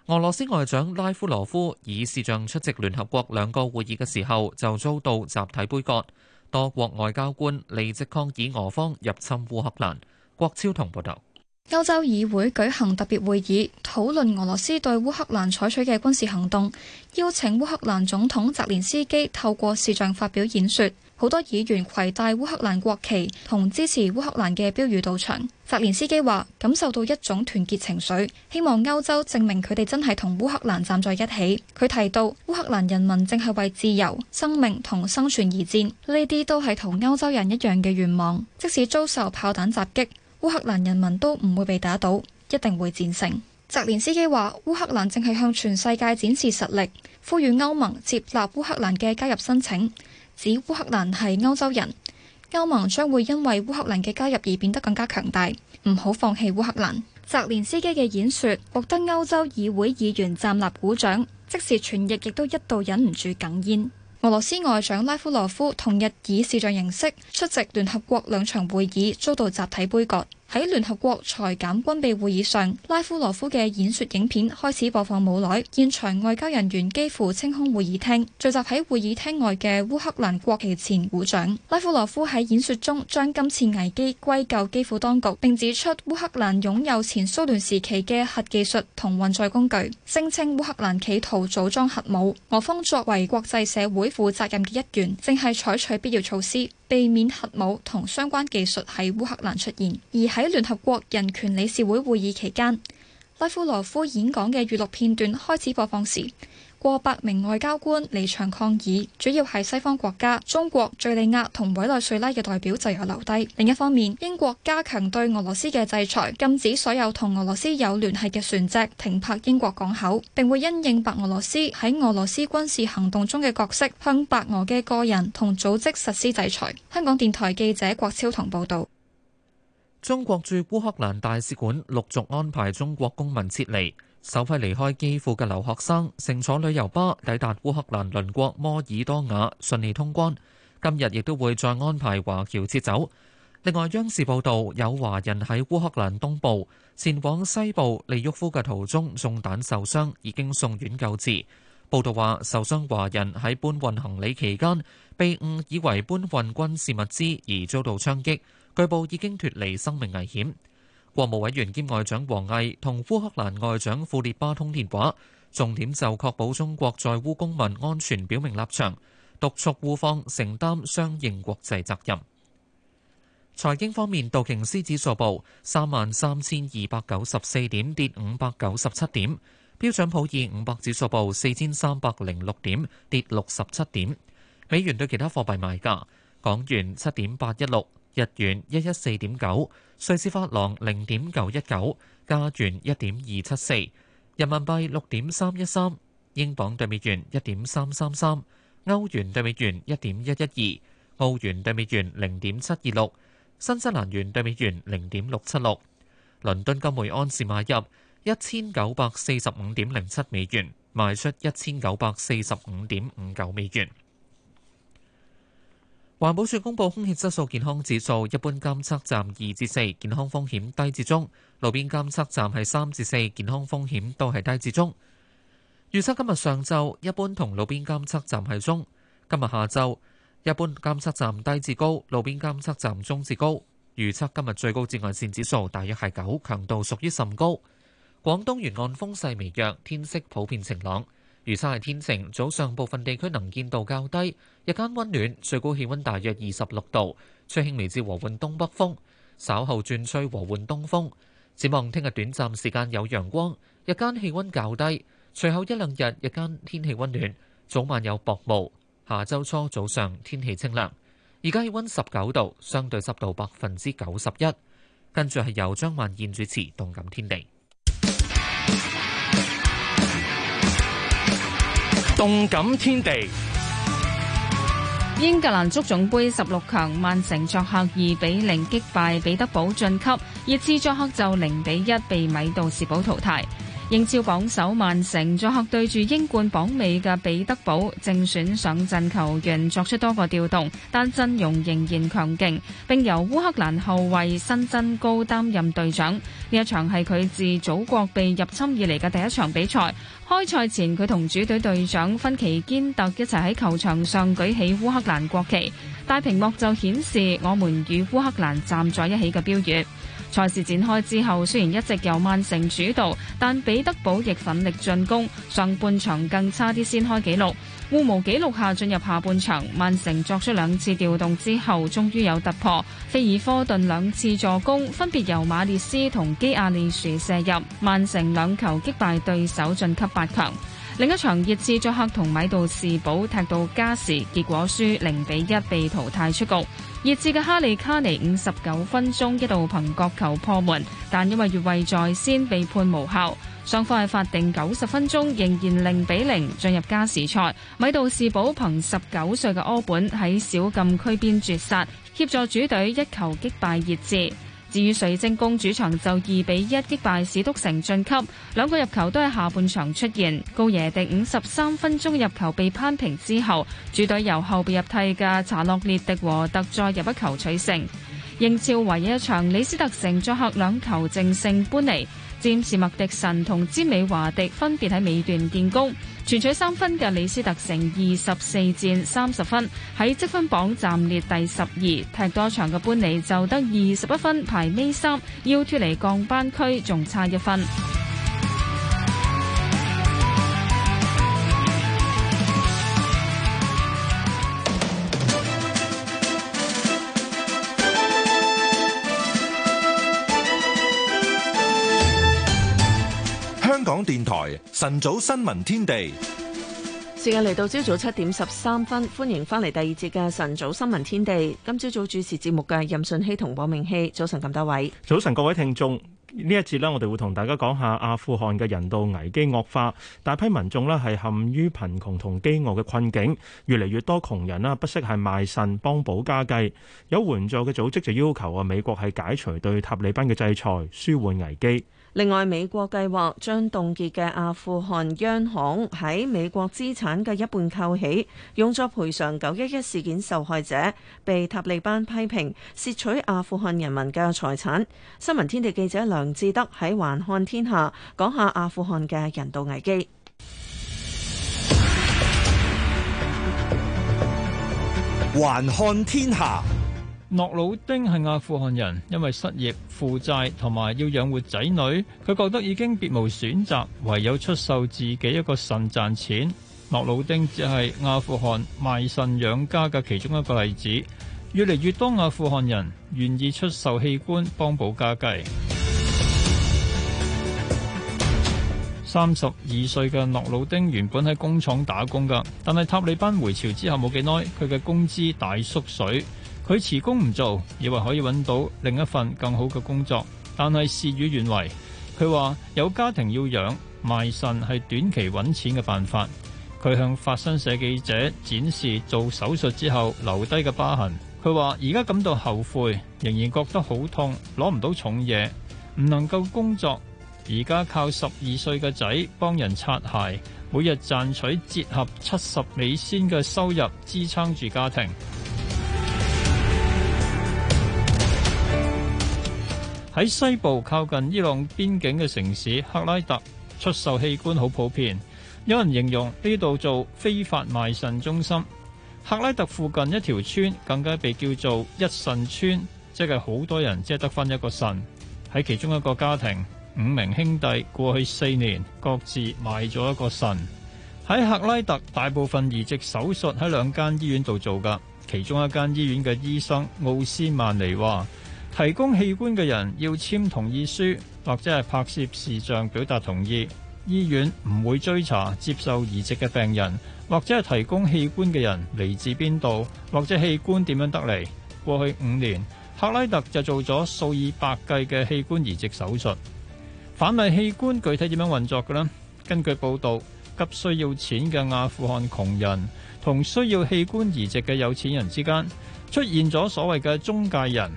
俄羅斯外長拉夫羅夫以視像出席聯合國兩個會議嘅時候，就遭到集體杯葛，多國外交官離席抗議俄方入侵烏克蘭。郭超同報道。歐洲議會舉行特別會議，討論俄羅斯對烏克蘭採取嘅軍事行動，邀請烏克蘭總統澤連斯基透過視像發表演說。好多議員攜帶烏克蘭國旗同支持烏克蘭嘅標語到場。澤連斯基話：感受到一種團結情緒，希望歐洲證明佢哋真係同烏克蘭站在一起。佢提到，烏克蘭人民正係為自由、生命同生存而戰，呢啲都係同歐洲人一樣嘅願望，即使遭受炮彈襲擊。烏克蘭人民都唔會被打倒，一定會戰勝。澤連斯基話：烏克蘭正係向全世界展示實力，呼籲歐盟接納烏克蘭嘅加入申請，指烏克蘭係歐洲人，歐盟將會因為烏克蘭嘅加入而變得更加強大，唔好放棄烏克蘭。澤連斯基嘅演說獲得歐洲議會議員站立鼓掌，即時傳譯亦都一度忍唔住哽咽。俄羅斯外長拉夫羅夫同日以視像形式出席聯合國兩場會議，遭到集體杯葛。喺聯合國裁減軍備會議上，拉夫羅夫嘅演説影片開始播放冇耐，現場外交人員幾乎清空會議廳，聚集喺會議廳外嘅烏克蘭國旗前鼓掌。拉夫羅夫喺演説中將今次危機歸咎基輔當局，並指出烏克蘭擁有前蘇聯時期嘅核技術同運載工具，聲稱烏克蘭企圖組裝核武。俄方作為國際社會負責任嘅一員，正係採取必要措施，避免核武同相關技術喺烏克蘭出現，而喺聯合國人權理事會會議期間，拉夫羅夫演講嘅娛樂片段開始播放時，過百名外交官離場抗議，主要係西方國家、中國、敘利亞同委內瑞拉嘅代表就有留低。另一方面，英國加強對俄羅斯嘅制裁，禁止所有同俄羅斯有聯繫嘅船隻停泊英國港口，並會因應白俄羅斯喺俄羅斯軍事行動中嘅角色，向白俄嘅個人同組織實施制裁。香港電台記者郭超棠報道。中國駐烏克蘭大使館陸續安排中國公民撤離。首批離開基輔嘅留學生乘坐旅遊巴抵達烏克蘭鄰國摩爾多瓦，順利通關。今日亦都會再安排華僑撤走。另外，央視報導有華人喺烏克蘭東部前往西部利沃夫嘅途中中彈受傷，已經送院救治。報導話，受傷華人喺搬運行李期間被誤以為搬運軍事物資而遭到槍擊，據報已經脱離生命危險。國務委員兼外長王毅同烏克蘭外長庫列巴通電話，重點就確保中國在烏公民安全表明立場，督促烏方承擔相應國際責任。財經方面，道瓊斯指數報三萬三千二百九十四點，跌五百九十七點；標準普爾五百指數報四千三百零六點，跌六十七點。美元對其他貨幣賣價，港元七點八一六。日元一一四點九，瑞士法郎零點九一九，加元一點二七四，人民幣六點三一三，英鎊對美元一點三三三，歐元對美元一點一一二，澳元對美元零點七二六，新西蘭元對美元零點六七六。倫敦金每安士買入一千九百四十五點零七美元，賣出一千九百四十五點五九美元。環保署公布空氣質素健康指數，一般監測站二至四，健康風險低至中；路邊監測站係三至四，健康風險都係低至中。預測今日上晝一般同路邊監測站係中，今日下晝一般監測站低至高，路邊監測站中至高。預測今日最高紫外綫指數大約係九，強度屬於甚高。廣東沿岸風勢微弱，天色普遍晴朗。預測係天晴，早上部分地區能見度較低，日間溫暖，最高氣溫大約二十六度，吹輕微至和緩東北風，稍後轉吹和緩東風。展望聽日短暫時間有陽光，日間氣溫較低，隨後一兩日日，日間天氣溫暖，早晚有薄霧。下周初早上天氣清涼，而家氣溫十九度，相對濕度百分之九十一。跟住係由張曼燕主持《動感天地》。動感天地，英格蘭足總盃十六強，曼城作客二比零擊敗彼得堡晉級，熱刺作客就零比一被米杜士堡淘汰。英超榜首曼城作客對住英冠榜尾嘅彼得堡，正選上陣球員作出多個調動，但陣容仍然強勁，並由烏克蘭後衛新增高擔任隊長。呢一場係佢自祖國被入侵以嚟嘅第一場比賽。開賽前佢同主隊隊長芬奇堅特一齊喺球場上舉起烏克蘭國旗，大屏幕就顯示我們與烏克蘭站在一起嘅標語。賽事展開之後，雖然一直由曼城主導，但彼得堡亦奮力進攻。上半場更差啲先開紀錄，互無紀錄下進入下半場。曼城作出兩次調動之後，終於有突破。菲爾科頓兩次助攻，分別由馬列斯同基亞利殊射入，曼城兩球擊敗對手晉級八強。另一場熱刺作客同米杜士堡踢到加時，結果輸零比一被淘汰出局。熱刺嘅哈利卡尼五十九分鐘一度憑角球破門，但因為越位在先被判無效。雙方喺法定九十分鐘仍然零比零進入加時賽。米杜士堡憑十九歲嘅柯本喺小禁區邊絕殺，協助主隊一球擊敗熱刺。至於水晶宮主場就二比一擊敗史督城晉級，兩個入球都係下半場出現。高耶迪五十三分鐘入球被扳平之後，主隊由後備入替嘅查洛列迪和特再入一球取勝。英超唯一一場李斯特城作客兩球淨勝班尼。詹士麥迪神同詹美華迪分別喺尾段建功，全取三分嘅李斯特城二十四戰三十分，喺積分榜暫列第十二。踢多場嘅般尼就得二十一分，排尾三，要脫離降班區仲差一分。電台晨早新聞天地，時間嚟到朝早七點十三分，歡迎翻嚟第二節嘅晨早新聞天地。今朝早主持節目嘅任信希同黃明熙，早晨咁多位，早晨各位，早晨各位聽眾，呢一節咧，我哋會同大家講下阿富汗嘅人道危機惡化，大批民眾咧係陷於貧窮同飢餓嘅困境，越嚟越多窮人啦，不惜係賣腎幫補家計，有援助嘅組織就要求啊美國係解除對塔利班嘅制裁，舒緩危機。另外，美國計劃將凍結嘅阿富汗央行喺美國資產嘅一半扣起，用作賠償九一一事件受害者。被塔利班批評竊取阿富汗人民嘅財產。新聞天地記者梁志德喺《橫看天下》講下阿富汗嘅人道危機。橫看天下。諾魯丁係阿富汗人，因為失業負債同埋要養活仔女，佢覺得已經別無選擇，唯有出售自己一個腎賺錢。諾魯丁只係阿富汗賣腎養家嘅其中一個例子。越嚟越多阿富汗人願意出售器官幫補家計。三十二歲嘅諾魯丁原本喺工廠打工㗎，但係塔利班回朝之後冇幾耐，佢嘅工資大縮水。佢辭工唔做，以為可以揾到另一份更好嘅工作，但係事與願違。佢話有家庭要養，賣腎係短期揾錢嘅辦法。佢向法新社記者展示做手術之後留低嘅疤痕。佢話而家感到後悔，仍然覺得好痛，攞唔到重嘢，唔能夠工作。而家靠十二歲嘅仔幫人擦鞋，每日賺取折合七十美仙嘅收入，支撐住家庭。喺西部靠近伊朗邊境嘅城市赫拉特，出售器官好普遍。有人形容呢度做非法賣腎中心。赫拉特附近一條村更加被叫做一腎村，即係好多人即係得翻一個腎，喺其中一個家庭，五名兄弟過去四年各自賣咗一個腎。喺赫拉特，大部分移植手術喺兩間醫院度做㗎，其中一間醫院嘅醫生奧斯曼尼話。提供器官嘅人要簽同意書，或者係拍攝視像表達同意。醫院唔會追查接受移植嘅病人，或者係提供器官嘅人嚟自邊度，或者器官點樣得嚟。過去五年，克拉特就做咗數以百計嘅器官移植手術。販賣器官具體點樣運作嘅咧？根據報道，急需要錢嘅阿富汗窮人同需要器官移植嘅有錢人之間出現咗所謂嘅中介人。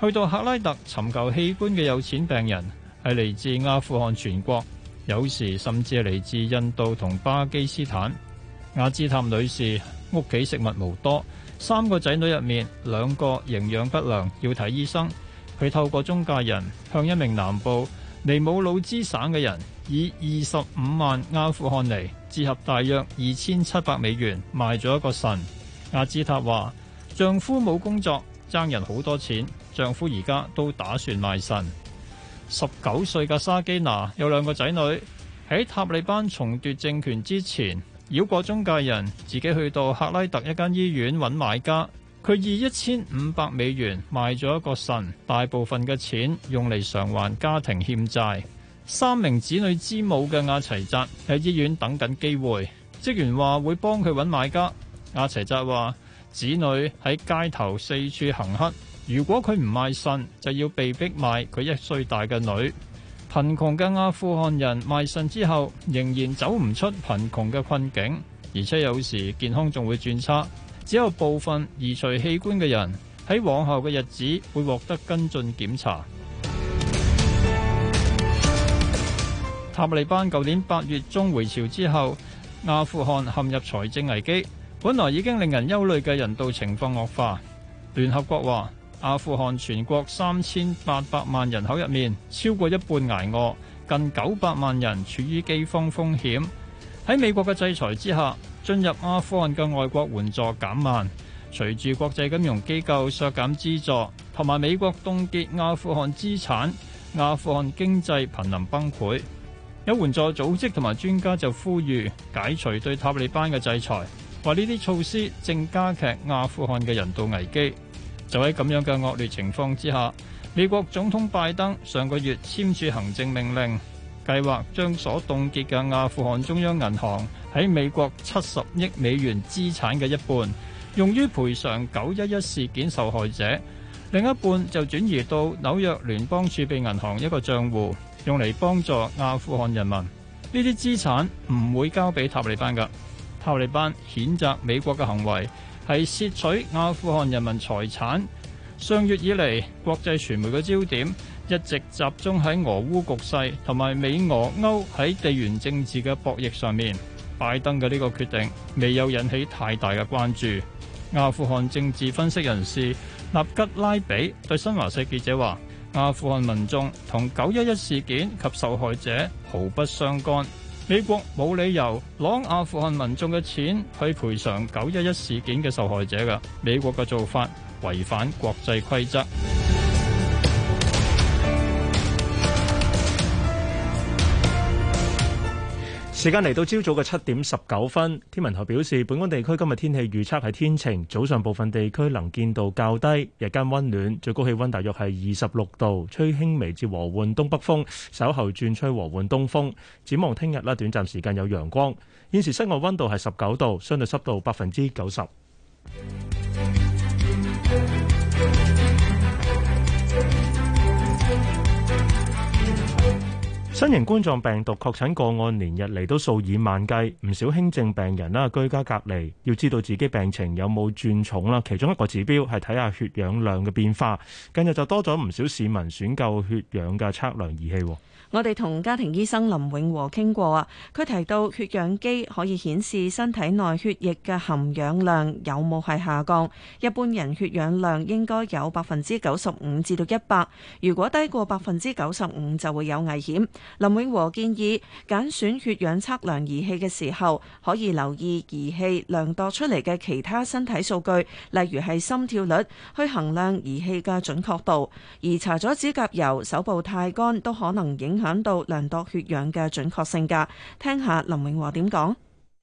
去到赫拉特尋求器官嘅有錢病人係嚟自阿富汗全國，有時甚至嚟自印度同巴基斯坦。亞茲塔女士屋企食物無多，三個仔女入面兩個營養不良，要睇醫生。佢透過中介人向一名南部尼姆魯茲省嘅人，以二十五萬阿富汗尼折合大約二千七百美元賣咗一個腎。亞茲塔話：丈夫冇工作，爭人好多錢。丈夫而家都打算賣腎。十九歲嘅沙基娜有兩個仔女。喺塔利班重奪政權之前，繞過中介人，自己去到克拉特一間醫院揾買家。佢以一千五百美元賣咗一個腎，大部分嘅錢用嚟償還家庭欠債。三名子女之母嘅阿齊扎喺醫院等緊機會。職員話會幫佢揾買家。阿齊扎話子女喺街頭四處行乞。如果佢唔賣腎，就要被逼賣佢一歲大嘅女。貧窮嘅阿富汗人賣腎之後，仍然走唔出貧窮嘅困境，而且有時健康仲會轉差。只有部分移除器官嘅人喺往後嘅日子會獲得跟進檢查。塔利班舊年八月中回朝之後，阿富汗陷入財政危機，本來已經令人憂慮嘅人道情況惡化。聯合國話。阿富汗全國三千八百萬人口入面，超過一半捱餓，近九百萬人處於饑荒風險。喺美國嘅制裁之下，進入阿富汗嘅外國援助減慢，隨住國際金融機構削減資助同埋美國凍結阿富汗資產，阿富汗經濟瀕臨崩潰。有援助組織同埋專家就呼籲解除對塔利班嘅制裁，話呢啲措施正加劇阿富汗嘅人道危機。就喺咁樣嘅惡劣情況之下，美國總統拜登上個月簽署行政命令，計劃將所凍結嘅阿富汗中央銀行喺美國七十億美元資產嘅一半，用於賠償九一一事件受害者，另一半就轉移到紐約聯邦儲備銀行一個賬戶，用嚟幫助阿富汗人民。呢啲資產唔會交俾塔利班㗎。塔利班譴責美國嘅行為。係竊取阿富汗人民財產。上月以嚟，國際傳媒嘅焦點一直集中喺俄烏局勢同埋美俄歐喺地緣政治嘅博弈上面。拜登嘅呢個決定未有引起太大嘅關注。阿富汗政治分析人士納吉拉比對新華社記者話，阿富汗民眾同九一一事件及受害者毫不相干。美國冇理由攞阿富汗民眾嘅錢去賠償九一一事件嘅受害者嘅，美國嘅做法違反國際規則。時間嚟到朝早嘅七點十九分，天文台表示，本港地區今日天氣預測係天晴，早上部分地區能見度較低，日間溫暖，最高氣溫大約係二十六度，吹輕微至和緩東北風，稍後轉吹和緩東風，展望聽日呢，短暫時間有陽光。現時室外溫度係十九度，相對濕度百分之九十。新型冠狀病毒確診個案連日嚟，都數以萬計，唔少輕症病人啦，居家隔離，要知道自己病情有冇轉重啦。其中一個指標係睇下血氧量嘅變化。近日就多咗唔少市民選購血氧嘅測量儀器。我哋同家庭醫生林永和傾過啊，佢提到血氧機可以顯示身體內血液嘅含氧量有冇係下降。一般人血氧量應該有百分之九十五至到一百，如果低過百分之九十五就會有危險。林永和建議揀選血氧測量儀器嘅時候，可以留意儀器量度出嚟嘅其他身體數據，例如係心跳率，去衡量儀器嘅準確度。而搽咗指甲油、手部太乾都可能影響。睇到量度血氧嘅準確性㗎，聽下林永華點講。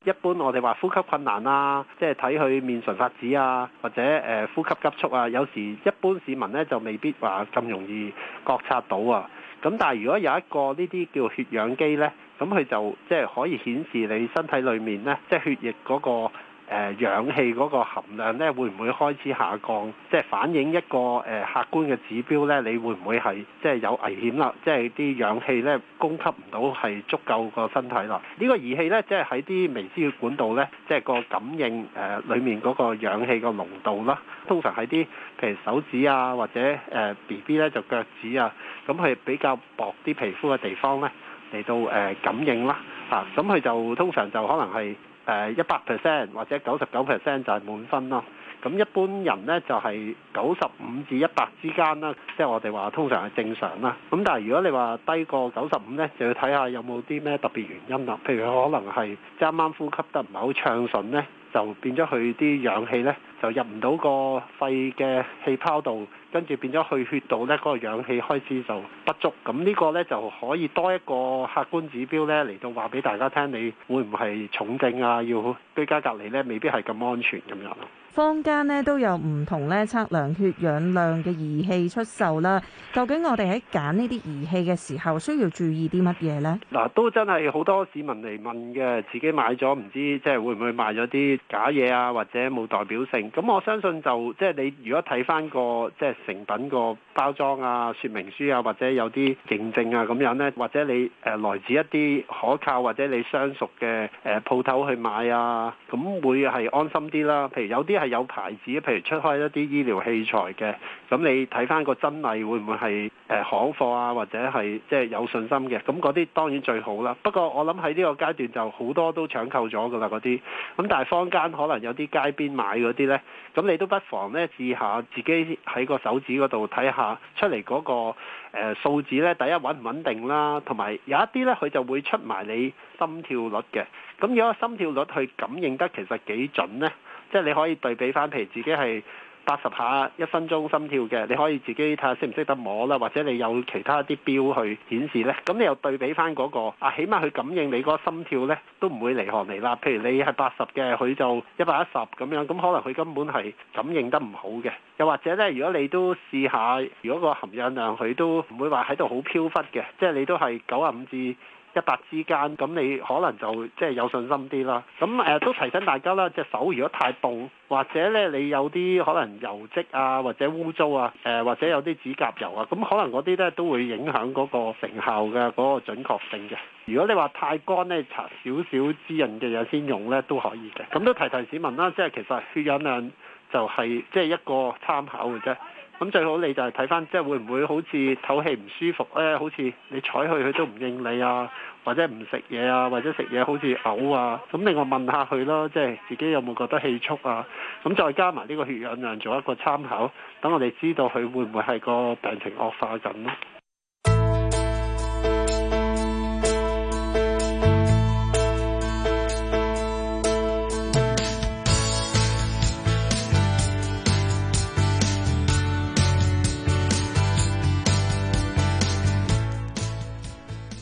一般我哋話呼吸困難啊，即係睇佢面唇發紫啊，或者誒呼吸急促啊，有時一般市民呢，就未必話咁容易覺察到啊。咁但係如果有一個呢啲叫血氧機呢，咁佢就即係可以顯示你身體裏面呢，即係血液嗰個。誒氧氣嗰個含量咧，會唔會開始下降？即係反映一個誒客觀嘅指標咧，你會唔會係即係有危險啦？即係啲氧氣咧供給唔到係足夠個身體啦。呢個儀器咧，即係喺啲微絲血管度咧，即係個感應誒裡面嗰個氧氣個濃度啦。通常喺啲譬如手指啊，或者誒 BB 咧就腳趾啊，咁係比較薄啲皮膚嘅地方咧嚟到誒感應啦。嚇，咁佢就通常就可能係。誒一百 percent 或者九十九 percent 就係滿分咯。咁一般人呢，就係九十五至一百之間啦，即係我哋話通常係正常啦。咁但係如果你話低過九十五呢，就要睇下有冇啲咩特別原因啦。譬如可能係啱啱呼吸得唔係好暢順呢，就變咗佢啲氧氣呢，就入唔到個肺嘅氣泡度。跟住變咗去血道咧，嗰、那個氧氣開始就不足，咁呢個咧就可以多一個客觀指標咧嚟到話俾大家聽，你會唔會重症啊？要居家隔離咧，未必係咁安全咁樣。坊間呢都有唔同咧測量血氧量嘅儀器出售啦。究竟我哋喺揀呢啲儀器嘅時候需要注意啲乜嘢呢？嗱，都真係好多市民嚟問嘅，自己買咗唔知即係會唔會買咗啲假嘢啊，或者冇代表性。咁我相信就即係、就是、你如果睇翻個即係、就是、成品個包裝啊、説明書啊，或者有啲認證啊咁樣呢，或者你誒來自一啲可靠或者你相熟嘅誒鋪頭去買啊，咁會係安心啲啦。譬如有啲係有牌子，譬如出開一啲醫療器材嘅，咁你睇翻個真偽會唔會係誒行貨啊，或者係即係有信心嘅？咁嗰啲當然最好啦。不過我諗喺呢個階段就好多都搶購咗噶啦嗰啲。咁但係坊間可能有啲街邊買嗰啲呢。咁你都不妨呢，試下自己喺個手指嗰度睇下出嚟嗰個誒數字呢。第一穩唔穩定啦，同埋有，有一啲呢，佢就會出埋你心跳率嘅。咁如果心跳率佢感應得其實幾準呢？即係你可以對比翻，譬如自己係八十下一分鐘心跳嘅，你可以自己睇下識唔識得摸啦，或者你有其他啲表去顯示呢。咁你又對比翻嗰個，啊，起碼佢感應你個心跳呢都唔會離行離列。譬如你係八十嘅，佢就一百一十咁樣，咁可能佢根本係感應得唔好嘅。又或者呢，如果你都試下，如果個含氧量佢都唔會話喺度好飄忽嘅，即係你都係九十五至一百之間，咁你可能就即係有信心啲啦。咁誒、呃、都提醒大家啦，隻手如果太凍，或者咧你有啲可能油漬啊，或者污糟啊，誒、呃、或者有啲指甲油啊，咁可能嗰啲咧都會影響嗰個成效嘅嗰、嗰個準確性嘅。如果你話太乾咧，搽少少滋潤嘅嘢先用咧都可以嘅。咁都提提市民啦，即係其實血氧量就係即係一個參考嘅啫。咁最好你就係睇翻，即係會唔會好似唞氣唔舒服咧、欸？好似你睬佢，佢都唔應你啊，或者唔食嘢啊，或者食嘢好似嘔啊。咁另外問下佢咯，即係自己有冇覺得氣促啊？咁再加埋呢個血氧量做一個參考，等我哋知道佢會唔會係個病情惡化緊咯。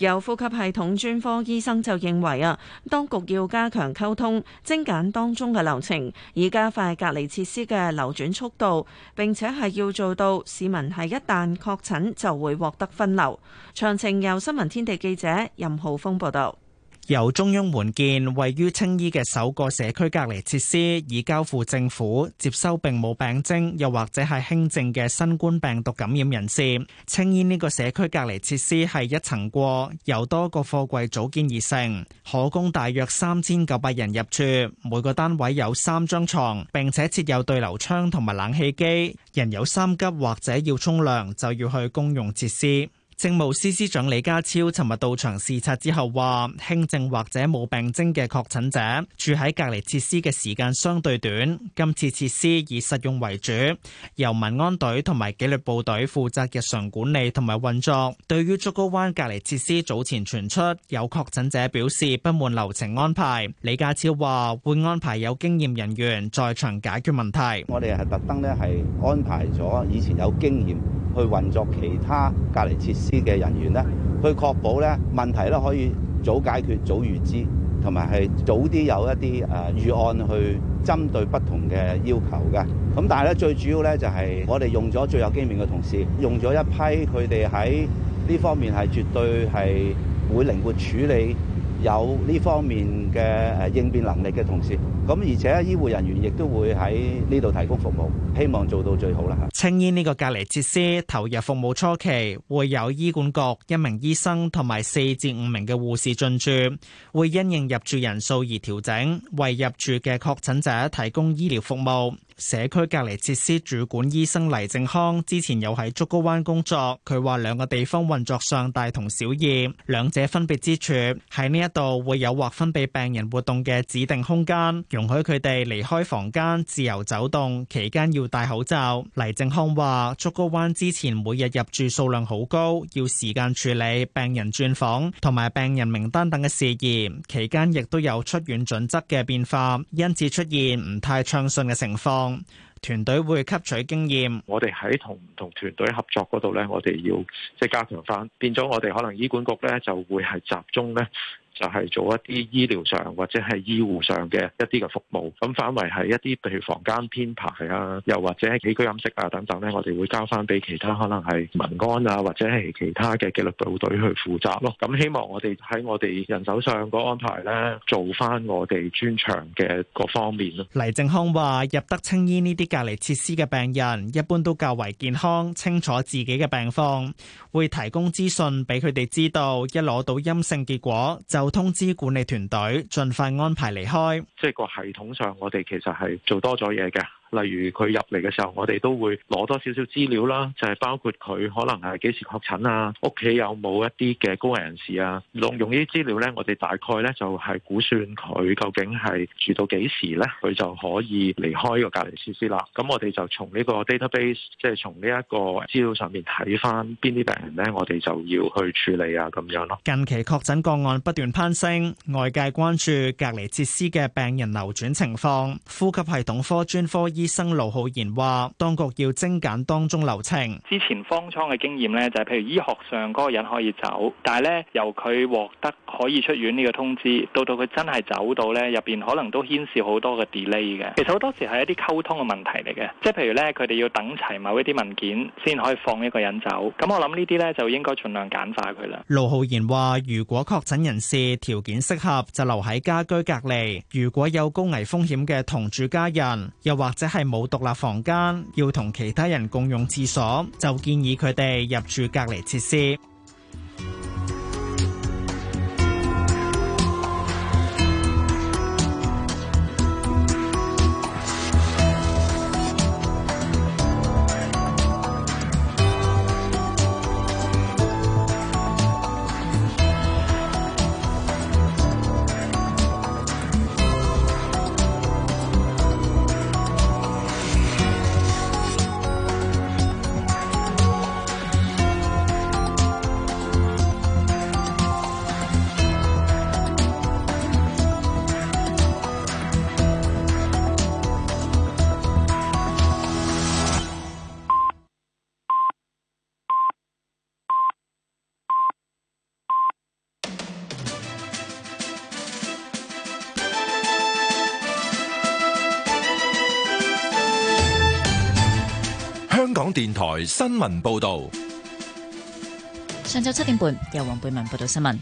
有呼吸系統專科醫生就認為啊，當局要加強溝通，精簡當中嘅流程，以加快隔離設施嘅流轉速度。並且係要做到市民係一旦確診就會獲得分流。詳情由新聞天地記者任浩峰報道。由中央援建，位於青衣嘅首個社區隔離設施已交付政府接收，並冇病徵，又或者係輕症嘅新冠病毒感染人士。青衣呢個社區隔離設施係一層過，由多個貨櫃組建而成，可供大約三千九百人入住。每個單位有三張床，並且設有對流窗同埋冷氣機。人有三急或者要沖涼就要去公用設施。政務司司長李家超尋日到場視察之後話，輕症或者冇病徵嘅確診者住喺隔離設施嘅時間相對短，今次設施以實用為主，由民安隊同埋紀律部隊負責日常管理同埋運作。對於竹篙灣隔離設施早前傳出有確診者表示不滿流程安排，李家超話會安排有經驗人員在場解決問題。我哋係特登呢，係安排咗以前有經驗去運作其他隔離設施啲嘅人員咧，去確保咧問題咧可以早解決、早預知，同埋係早啲有一啲誒、呃、預案去針對不同嘅要求嘅。咁、嗯、但係咧最主要咧就係、是、我哋用咗最有機變嘅同事，用咗一批佢哋喺呢方面係絕對係會靈活處理。有呢方面嘅誒應變能力嘅同時，咁而且醫護人員亦都會喺呢度提供服務，希望做到最好啦。青衣呢個隔離設施投入服務初期，會有醫管局一名醫生同埋四至五名嘅護士進駐，會因應入住人數而調整，為入住嘅確診者提供醫療服務。社區隔離設施主管醫生黎正康之前有喺竹篙灣工作，佢話兩個地方運作上大同小異，兩者分別之處喺呢一度會有劃分俾病人活動嘅指定空間，容許佢哋離開房間自由走動，期間要戴口罩。黎正康話竹篙灣之前每日入住數量好高，要時間處理病人轉房同埋病人名單等嘅事宜，期間亦都有出院準則嘅變化，因此出現唔太暢順嘅情況。團隊會吸取經驗，我哋喺同唔同團隊合作嗰度咧，我哋要即係加強翻，變咗我哋可能醫管局咧就會係集中咧。就係做一啲醫療上或者係醫護上嘅一啲嘅服務，咁反為係一啲譬如房間編排啊，又或者係起居飲食啊等等咧，我哋會交翻俾其他可能係民安啊，或者係其他嘅紀律部隊去負責咯。咁希望我哋喺我哋人手上個安排咧，做翻我哋專長嘅各方面咯。黎正康話，入得青衣呢啲隔離設施嘅病人，一般都較為健康，清楚自己嘅病況，會提供資訊俾佢哋知道。一攞到陰性結果就通知管理團隊盡快安排離開，即係個系統上，我哋其實係做多咗嘢嘅。例如佢入嚟嘅時候，我哋都會攞多少少資料啦，就係包括佢可能係幾時確診啊，屋企有冇一啲嘅高危人士啊，用用呢啲資料咧，我哋大概咧就係估算佢究竟係住到幾時咧，佢就可以離開個隔離設施啦。咁我哋就從呢個 database，即係從呢一個資料上面睇翻邊啲病人咧，我哋就要去處理啊咁樣咯。近期確診個案不斷攀升，外界關注隔離設施嘅病人流轉情況，呼吸系統科專科醫醫生盧浩然話，當局要精簡當中流程。之前方艙嘅經驗咧，就係譬如醫學上嗰個人可以走，但係咧由佢獲得可以出院呢個通知，到到佢真係走到咧入邊可能都牽涉好多嘅 delay 嘅。其實好多時係一啲溝通嘅問題嚟嘅，即係譬如咧，佢哋要等齊某一啲文件先可以放一個人走。咁我諗呢啲咧就應該盡量簡化佢啦。盧浩然話，如果確診人士條件適合，就留喺家居隔離；如果有高危風險嘅同住家人，又或者。係冇獨立房間，要同其他人共用廁所，就建議佢哋入住隔離設施。電台新聞報道：上晝七點半，由黃貝文報道新聞。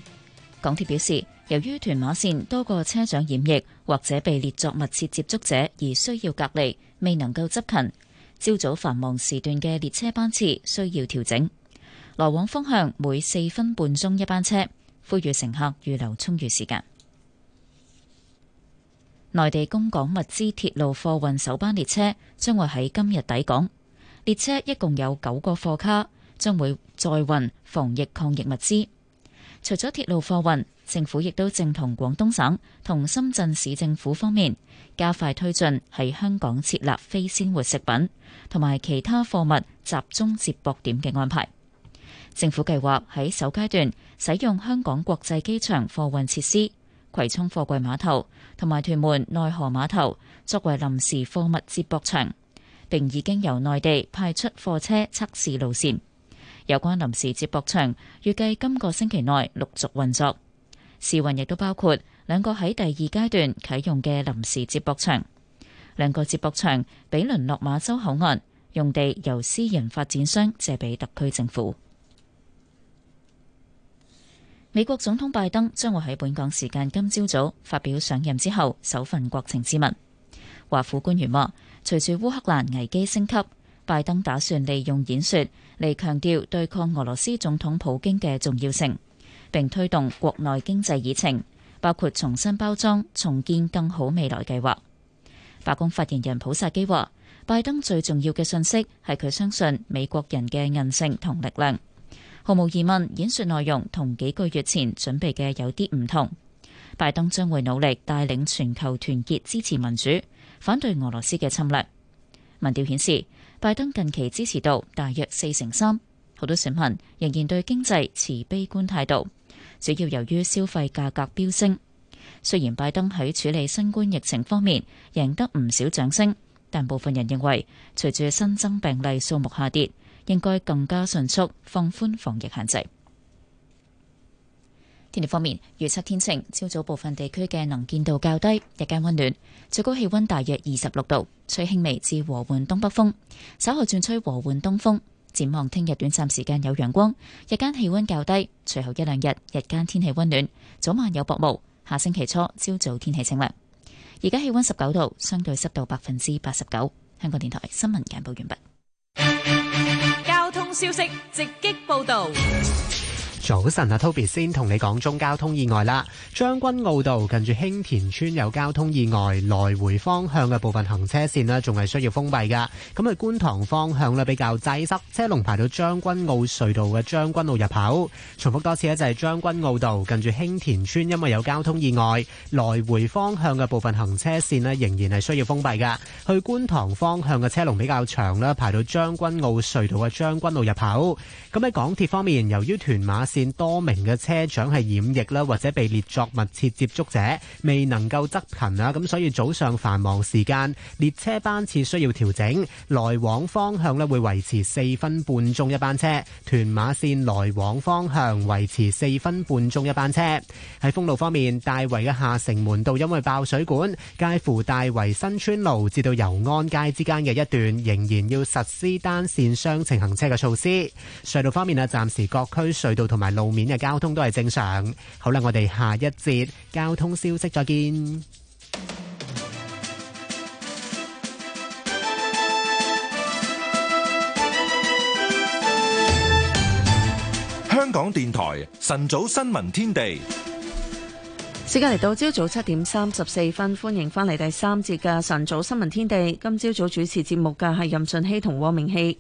港鐵表示，由於屯馬綫多個車長染疫或者被列作密切接觸者，而需要隔離，未能夠執勤。朝早繁忙時段嘅列車班次需要調整，來往方向每四分半鐘一班車。呼籲乘客預留充裕時間。內地供港物資鐵路貨運首班列車將會喺今日抵港。列車一共有九個貨卡，將會載運防疫抗疫物資。除咗鐵路貨運，政府亦都正同廣東省同深圳市政府方面加快推進喺香港設立非鮮活食品同埋其他貨物集中接駁點嘅安排。政府計劃喺首階段使用香港國際機場貨運設施、葵涌貨櫃碼頭同埋屯門內河碼頭作為臨時貨物接駁場。並已經由內地派出貨車測試路線，有關臨時接駁場預計今個星期內陸續運作。試運亦都包括兩個喺第二階段啟用嘅臨時接駁場，兩個接駁場比鄰落馬洲口岸，用地由私人發展商借俾特區政府。美國總統拜登將會喺本港時間今朝早，早發表上任之後首份國情咨文。華府官員話。隨住烏克蘭危機升級，拜登打算利用演說嚟強調對抗俄羅斯總統普京嘅重要性，並推動國內經濟議程，包括重新包裝、重建更好未來計劃。白宮發言人普薩基話，拜登最重要嘅信息係佢相信美國人嘅韌性同力量。毫無疑問，演說內容同幾個月前準備嘅有啲唔同。拜登將會努力帶領全球團結支持民主。反對俄羅斯嘅侵略。民調顯示，拜登近期支持度大約四成三，好多選民仍然對經濟持悲觀態度，主要由於消費價格飆升。雖然拜登喺處理新冠疫情方面贏得唔少掌聲，但部分人認為，隨住新增病例數目下跌，應該更加迅速放寬防疫限制。天氣方面，預測天晴，朝早部分地區嘅能見度較低，日間温暖，最高氣温大約二十六度，吹輕微至和緩東北風，稍後轉吹和緩東風。展望聽日短暫時間有陽光，日間氣温較低，隨後一兩日日間天氣温暖，早晚有薄霧。下星期初朝早天氣清涼。而家氣温十九度，相對濕度百分之八十九。香港電台新聞簡報完畢。交通消息直擊報道。早晨啊，Toby 先同你講中交通意外啦。將軍澳道近住興田村有交通意外，來回方向嘅部分行車線呢仲係需要封閉噶咁喺觀塘方向呢，比較擠塞，車龍排到將軍澳隧道嘅將軍路入口。重複多次呢，就係將軍澳道近住興田村，因為有交通意外，來回方向嘅部分行車線呢仍然係需要封閉噶去觀塘方向嘅車龍比較長啦，排到將軍澳隧道嘅將軍路入口。咁喺港鐵方面，由於屯馬，線多名嘅車長係染疫啦，或者被列作密切接觸者，未能夠執勤啦，咁所以早上繁忙時間列車班次需要調整，來往方向呢會維持四分半鐘一班車，屯馬線來往方向維持四分半鐘一班車。喺封路方面，大圍嘅下城門道因為爆水管，介乎大圍新村路至到又安街之間嘅一段仍然要實施單線雙程行車嘅措施。隧道方面啊，暫時各區隧道同。同埋路面嘅交通都係正常。好啦，我哋下一節交通消息再見。香港電台晨早新聞天地，時間嚟到朝早七點三十四分，歡迎翻嚟第三節嘅晨早新聞天地。今朝早主持節目嘅係任俊熙同汪明熙。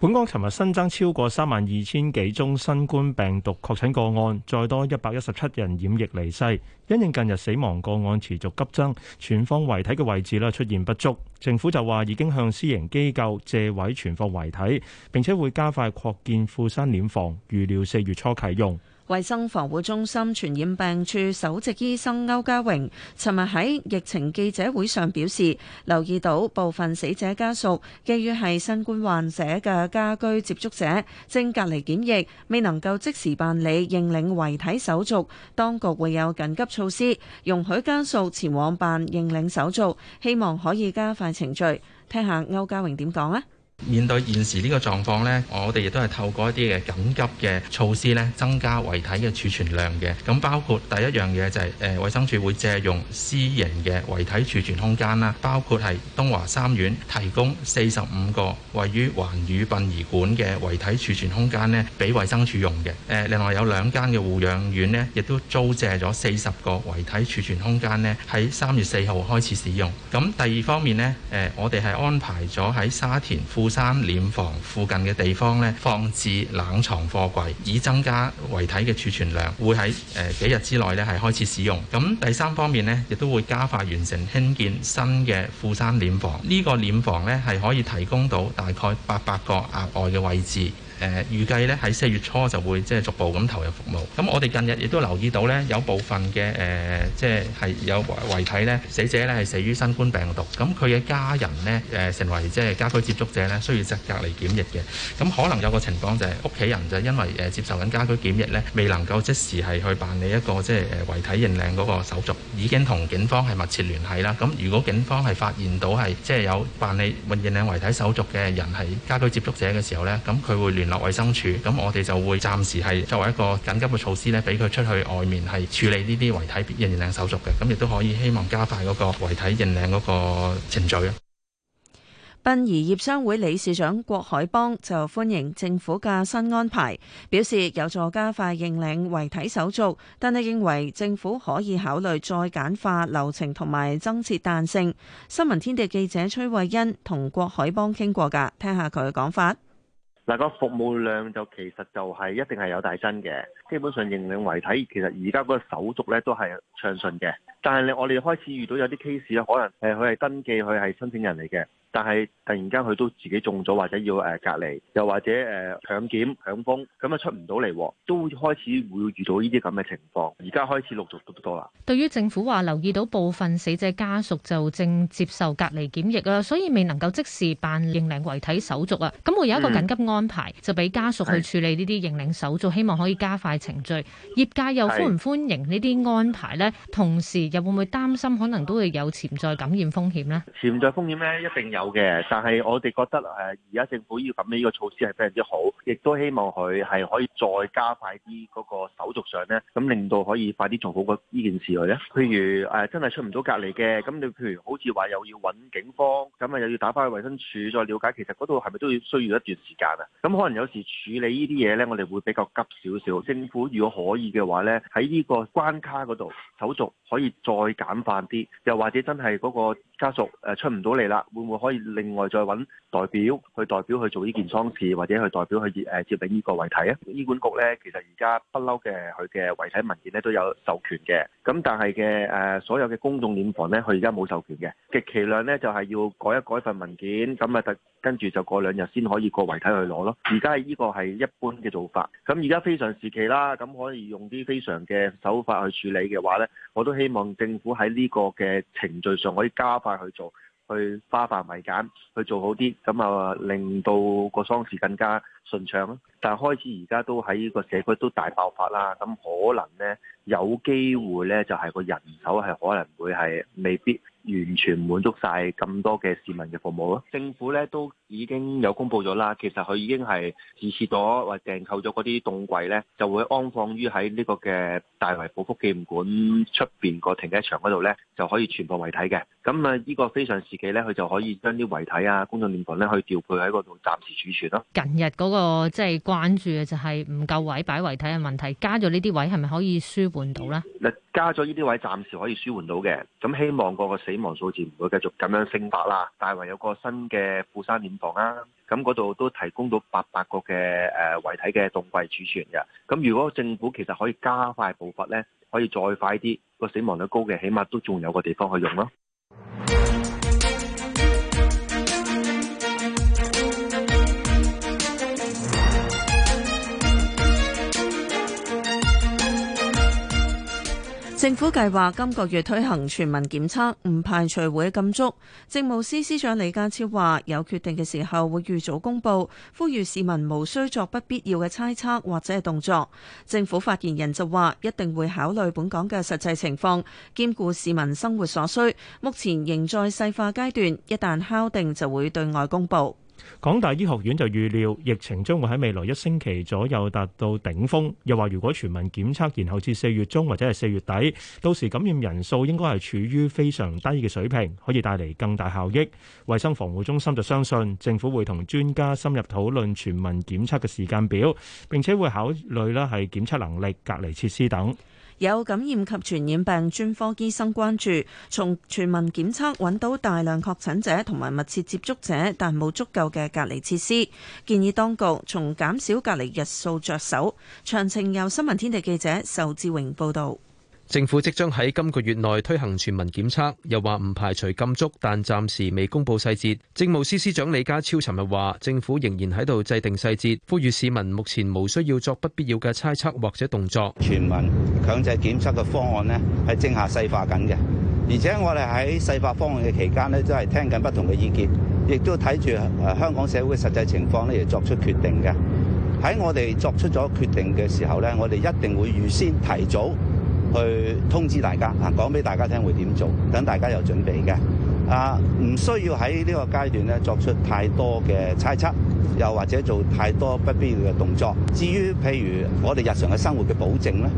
本港尋日新增超過三萬二千幾宗新冠病毒確診個案，再多一百一十七人染疫離世。因應近日死亡個案持續急增，存放遺體嘅位置呢出現不足，政府就話已經向私營機構借位存放遺體，並且會加快擴建富山殮房，預料四月初啟用。衛生防護中心傳染病處首席醫生歐家榮尋日喺疫情記者會上表示，留意到部分死者家屬基於係新冠患者嘅家居接觸者，正隔離檢疫，未能夠即時辦理認領遺體手續，當局會有緊急措施容許家屬前往辦認領手續，希望可以加快程序。聽下歐家榮點講啊！面對現時呢個狀況呢，我哋亦都係透過一啲嘅緊急嘅措施呢，增加遺體嘅儲存量嘅。咁包括第一樣嘢就係誒衞生署會借用私營嘅遺體儲存空間啦，包括係東華三院提供四十五個位於環宇殯儀館嘅遺體儲存空間呢，俾衞生署用嘅。誒、呃，另外有兩間嘅護養院呢，亦都租借咗四十個遺體儲存空間呢，喺三月四號開始使用。咁、呃、第二方面呢，誒、呃、我哋係安排咗喺沙田附富山殮房附近嘅地方呢，放置冷藏貨櫃，以增加遺體嘅儲存量，會喺誒幾日之內呢，係開始使用。咁第三方面呢，亦都會加快完成興建新嘅富山殮房。呢個殮房呢，係可以提供到大概八百個額外嘅位置。誒預計咧喺四月初就會即係逐步咁投入服務。咁我哋近日亦都留意到咧，有部分嘅誒即係係有遺體咧，死者咧係死於新冠病毒。咁佢嘅家人咧誒成為即係家居接觸者咧，需要即隔離檢疫嘅。咁可能有個情況就係屋企人就因為誒接受緊家居檢疫咧，未能夠即時係去辦理一個即係遺體認領嗰個手續，已經同警方係密切聯繫啦。咁如果警方係發現到係即係有辦理認領遺體手續嘅人係家居接觸者嘅時候咧，咁佢會聯立衛生署，咁我哋就會暫時係作為一個緊急嘅措施咧，俾佢出去外面係處理呢啲遺體認領手續嘅，咁亦都可以希望加快嗰個遺體認領嗰個程序。啊，殯儀業，業商會理事長郭海邦就歡迎政府嘅新安排，表示有助加快認領遺體手續，但係認為政府可以考慮再簡化流程同埋增設彈性。新聞天地記者崔慧欣同郭海邦傾過噶，聽下佢嘅講法。但個服務量就其實就係一定係有大增嘅。基本上認領遺體，其實而家嗰個手續咧都係暢順嘅。但係咧，我哋開始遇到有啲 case 咧，可能誒佢係登記佢係申請人嚟嘅。但係突然間佢都自己中咗，或者要誒、啊、隔離，又或者誒強、啊、檢強封，咁啊出唔到嚟，都開始會遇到呢啲咁嘅情況。而家開始陸續都多啦。對於政府話留意到部分死者家屬就正接受隔離檢疫啊，所以未能夠即時辦認領遺體手續啊，咁會有一個緊急安排，嗯、就俾家屬去處理呢啲認領手續，希望可以加快程序。的業界又歡唔歡迎呢啲安排呢？同時又會唔會擔心可能都會有潛在感染風險呢？潛在風險呢？一定有。有嘅，但係我哋覺得誒而家政府要咁樣呢個措施係非常之好，亦都希望佢係可以再加快啲嗰個手續上咧，咁令到可以快啲做好個呢件事嚟咧。譬如誒、呃、真係出唔到隔離嘅，咁你譬如好似話又要揾警方，咁啊又要打翻去衞生署再了解，其實嗰度係咪都要需要一段時間啊？咁可能有時處理呢啲嘢咧，我哋會比較急少少。政府如果可以嘅話咧，喺呢個關卡嗰度手續可以再簡化啲，又或者真係嗰個家屬誒出唔到嚟啦，會唔會可？可以另外再揾代表去代表去做呢件喪事，或者去代表去接誒接領呢個遺體啊！醫管局咧，其實而家不嬲嘅佢嘅遺體文件咧都有授權嘅，咁但係嘅誒所有嘅公眾殮房咧，佢而家冇授權嘅，極其量咧就係要改一改份文件，咁啊跟住就過兩日先可以個遺體去攞咯。而家係呢個係一般嘅做法，咁而家非常時期啦，咁可以用啲非常嘅手法去處理嘅話咧，我都希望政府喺呢個嘅程序上可以加快去做。去花繁為簡，去做好啲，咁啊令到個喪事更加順暢。但係開始而家都喺個社區都大爆發啦，咁可能呢，有機會呢，就係個人手係可能會係未必。完全滿足晒咁多嘅市民嘅服務咯。政府咧都已經有公佈咗啦，其實佢已經係預設咗或訂購咗嗰啲凍櫃咧，就會安放於喺呢個嘅大圍寶福紀念館出邊個停車場嗰度咧，就可以存放遺體嘅。咁啊，呢個非常時期咧，佢就可以將啲遺體啊、公眾殮房咧去調配喺嗰度暫時儲存咯。近日嗰、那個即係、就是、關注嘅就係唔夠位擺遺體嘅問題，加咗呢啲位係咪可以舒緩到咧？嗱，加咗呢啲位暫時可以舒緩到嘅，咁希望個個死。死亡數字唔會繼續咁樣升達啦。大圍有個新嘅富山殮房啦，咁嗰度都提供到八百個嘅誒、呃、遺體嘅凍櫃儲存嘅。咁如果政府其實可以加快步伐咧，可以再快啲，個死亡率高嘅，起碼都仲有個地方去用咯。政府計劃今個月推行全民檢測，唔排除會禁足。政務司司長李家超話：有決定嘅時候會預早公佈，呼籲市民無需作不必要嘅猜測或者係動作。政府發言人就話：一定會考慮本港嘅實際情況，兼顧市民生活所需。目前仍在細化階段，一旦敲定就會對外公佈。港大醫學院就預料疫情將會喺未來一星期左右達到頂峰，又話如果全民檢測延後至四月中或者係四月底，到時感染人數應該係處於非常低嘅水平，可以帶嚟更大效益。衛生防護中心就相信政府會同專家深入討論全民檢測嘅時間表，並且會考慮嘅係檢測能力、隔離設施等。有感染及傳染病專科醫生關注，從全民檢測揾到大量確診者同埋密切接觸者，但冇足夠嘅隔離設施，建議當局從減少隔離日數著手。詳情由新聞天地記者仇志榮報導。政府即將喺今個月內推行全民檢測，又話唔排除禁足，但暫時未公布細節。政務司司長李家超尋日話，政府仍然喺度制定細節，呼籲市民目前無需要作不必要嘅猜測或者動作。全民強制檢測嘅方案呢，係正下細化緊嘅，而且我哋喺細化方案嘅期間呢，都係聽緊不同嘅意見，亦都睇住誒香港社會嘅實際情況呢，嚟作出決定嘅。喺我哋作出咗決定嘅時候呢，我哋一定會預先提早去通知大家，啊，講俾大家聽會點做，等大家有準備嘅，啊，唔需要喺呢個階段咧作出太多嘅猜測，又或者做太多不必要嘅動作。至於譬如我哋日常嘅生活嘅保證咧，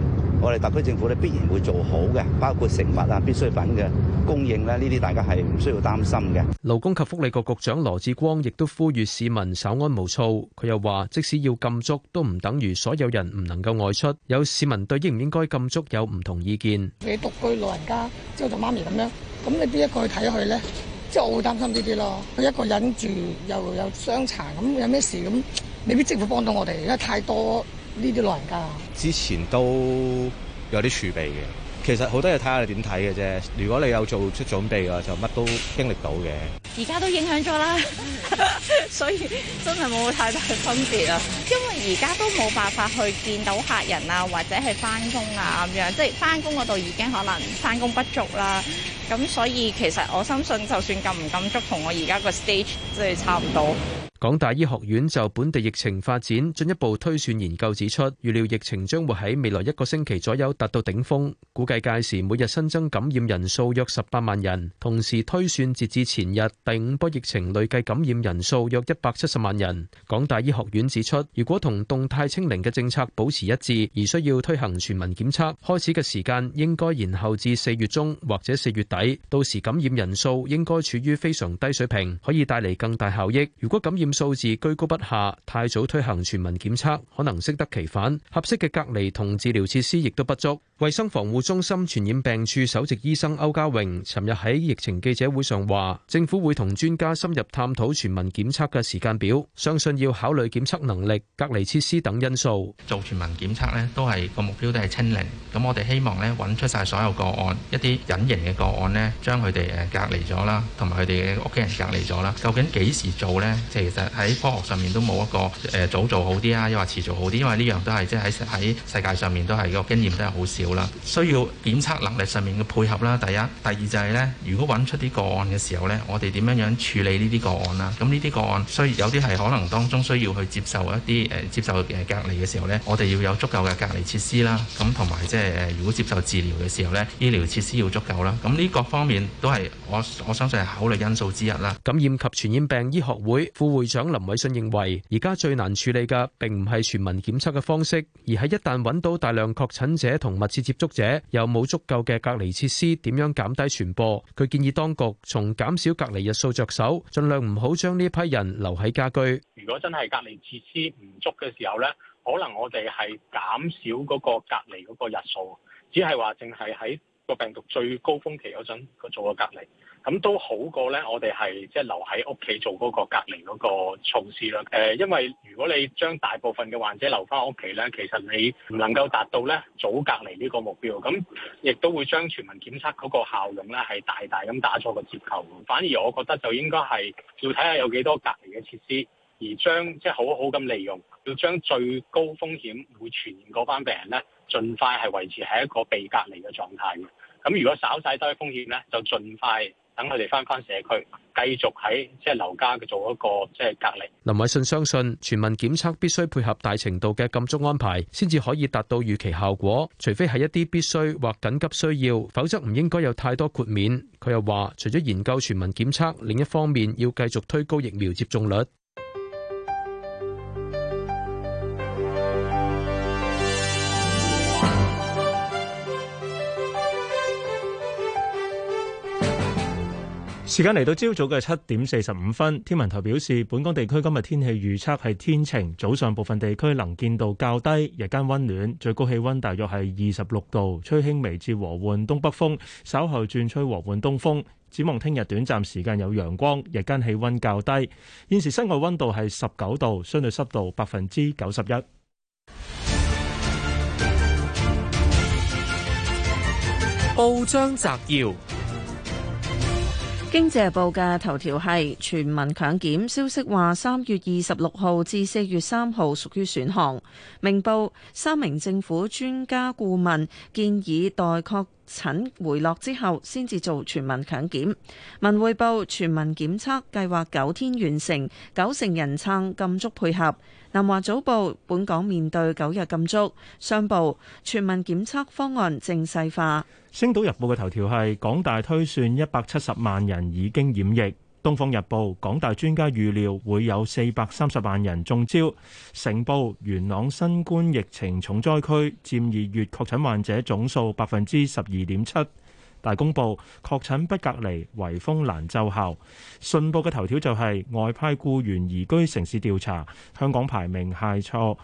我哋特區政府咧必然會做好嘅，包括食物啊、必需品嘅供應咧，呢啲大家係唔需要擔心嘅。勞工及福利局局，局長羅致光亦都呼籲市民稍安毋躁。佢又話，即使要禁足，都唔等於所有人唔能夠外出。有市民對應唔應該禁足有唔同意見。你獨居老人家即係同媽咪咁樣，咁你邊一個去睇佢咧？即係我會擔心呢啲咯。佢一個人住又有傷殘，咁有咩事咁？未必政府幫到我哋。因為太多。呢啲老人家之前都有啲儲備嘅，其實好多嘢睇下你點睇嘅啫。如果你有做出準備嘅話，就乜都經歷到嘅。而家都影響咗啦， 所以真係冇太大分別啊。因為而家都冇辦法去見到客人啊，或者係返工啊咁樣，即係返工嗰度已經可能返工不足啦。咁所以其實我深信，就算撳唔撳足，同我而家個 stage 真係差唔多。港大醫學院就本地疫情發展進一步推算研究指出，預料疫情將會喺未來一個星期左右達到頂峰，估計屆時每日新增感染人數約十八萬人。同時推算截至前日第五波疫情累計感染人數約一百七十萬人。港大醫學院指出，如果同動態清零嘅政策保持一致，而需要推行全民檢測開始嘅時間應該延後至四月中或者四月底，到時感染人數應該處於非常低水平，可以帶嚟更大效益。如果感染數字居高不下，太早推行全民檢測可能適得其反，合適嘅隔離同治療設施亦都不足。衛生防護中心傳染病處首席醫生歐家榮尋日喺疫情記者會上話，政府會同專家深入探討全民檢測嘅時間表，相信要考慮檢測能力、隔離設施等因素。做全民檢測呢，都係個目標都係清零。咁我哋希望呢，揾出晒所有個案，一啲隱形嘅個案呢，將佢哋誒隔離咗啦，同埋佢哋嘅屋企人隔離咗啦。究竟幾時做呢？其實喺科學上面都冇一個誒早做好啲啊，抑或遲做好啲，因為呢樣都係即係喺喺世界上面都係個經驗都係好少。需要檢測能力上面嘅配合啦。第一、第二就係呢，如果揾出啲個案嘅時候呢，我哋點樣樣處理呢啲個案啦？咁呢啲個案需有啲係可能當中需要去接受一啲誒接受誒隔離嘅時候呢，我哋要有足夠嘅隔離設施啦。咁同埋即係如果接受治療嘅時候呢，醫療設施要足夠啦。咁呢各方面都係我我相信係考慮因素之一啦。感染及傳染病醫學會副會，副會長林偉信認為，而家最難處理嘅並唔係全民檢測嘅方式，而係一旦揾到大量確診者同密切接觸者有冇足夠嘅隔離設施，點樣減低傳播？佢建議當局從減少隔離日數着手，盡量唔好將呢批人留喺家居。如果真係隔離設施唔足嘅時候呢，可能我哋係減少嗰個隔離嗰個日數，只係話淨係喺個病毒最高峰期嗰陣佢做個隔離。咁都好過咧，我哋係即係留喺屋企做嗰個隔離嗰個措施啦。誒、呃，因為如果你將大部分嘅患者留返屋企咧，其實你唔能夠達到咧早隔離呢個目標，咁亦都會將全民檢測嗰個效用咧係大大咁打咗個折扣。反而我覺得就應該係要睇下有幾多隔離嘅設施，而將即係、就是、好好咁利用，要將最高風險會傳染嗰班病人咧，盡快係維持喺一個被隔離嘅狀態嘅。咁如果少曬啲風險咧，就盡快。等佢哋翻返社區，繼續喺即係留家嘅做一個即係隔離。林偉信相信全民檢測必須配合大程度嘅禁足安排，先至可以達到預期效果。除非係一啲必須或緊急需要，否則唔應該有太多豁免。佢又話：除咗研究全民檢測，另一方面要繼續推高疫苗接種率。時間嚟到朝早嘅七點四十五分，天文台表示，本港地區今日天氣預測係天晴，早上部分地區能見度較低，日間温暖，最高氣溫大約係二十六度，吹輕微至和緩東北風，稍後轉吹和緩東風。展望聽日短暫時間有陽光，日間氣溫較低。現時室外温度係十九度，相對濕度百分之九十一。報章摘要。經濟日報嘅頭條係全民強檢，消息話三月二十六號至四月三號屬於選項。明報三名政府專家顧問建議待確。診回落之後，先至做全民強檢。文匯報全民檢測計劃九天完成，九成人撐禁足配合。南華早報本港面對九日禁足。商報全民檢測方案正細化。星島日報嘅頭條係港大推算一百七十萬人已經染疫。《東方日報》港大專家預料會有四百三十萬人中招。《成報》元朗新冠疫情重災區佔二月確診患者總數百分之十二點七。《大公報》確診不隔離，圍封難奏效。《信報》嘅頭條就係外派僱員移居城市調查，香港排名係錯。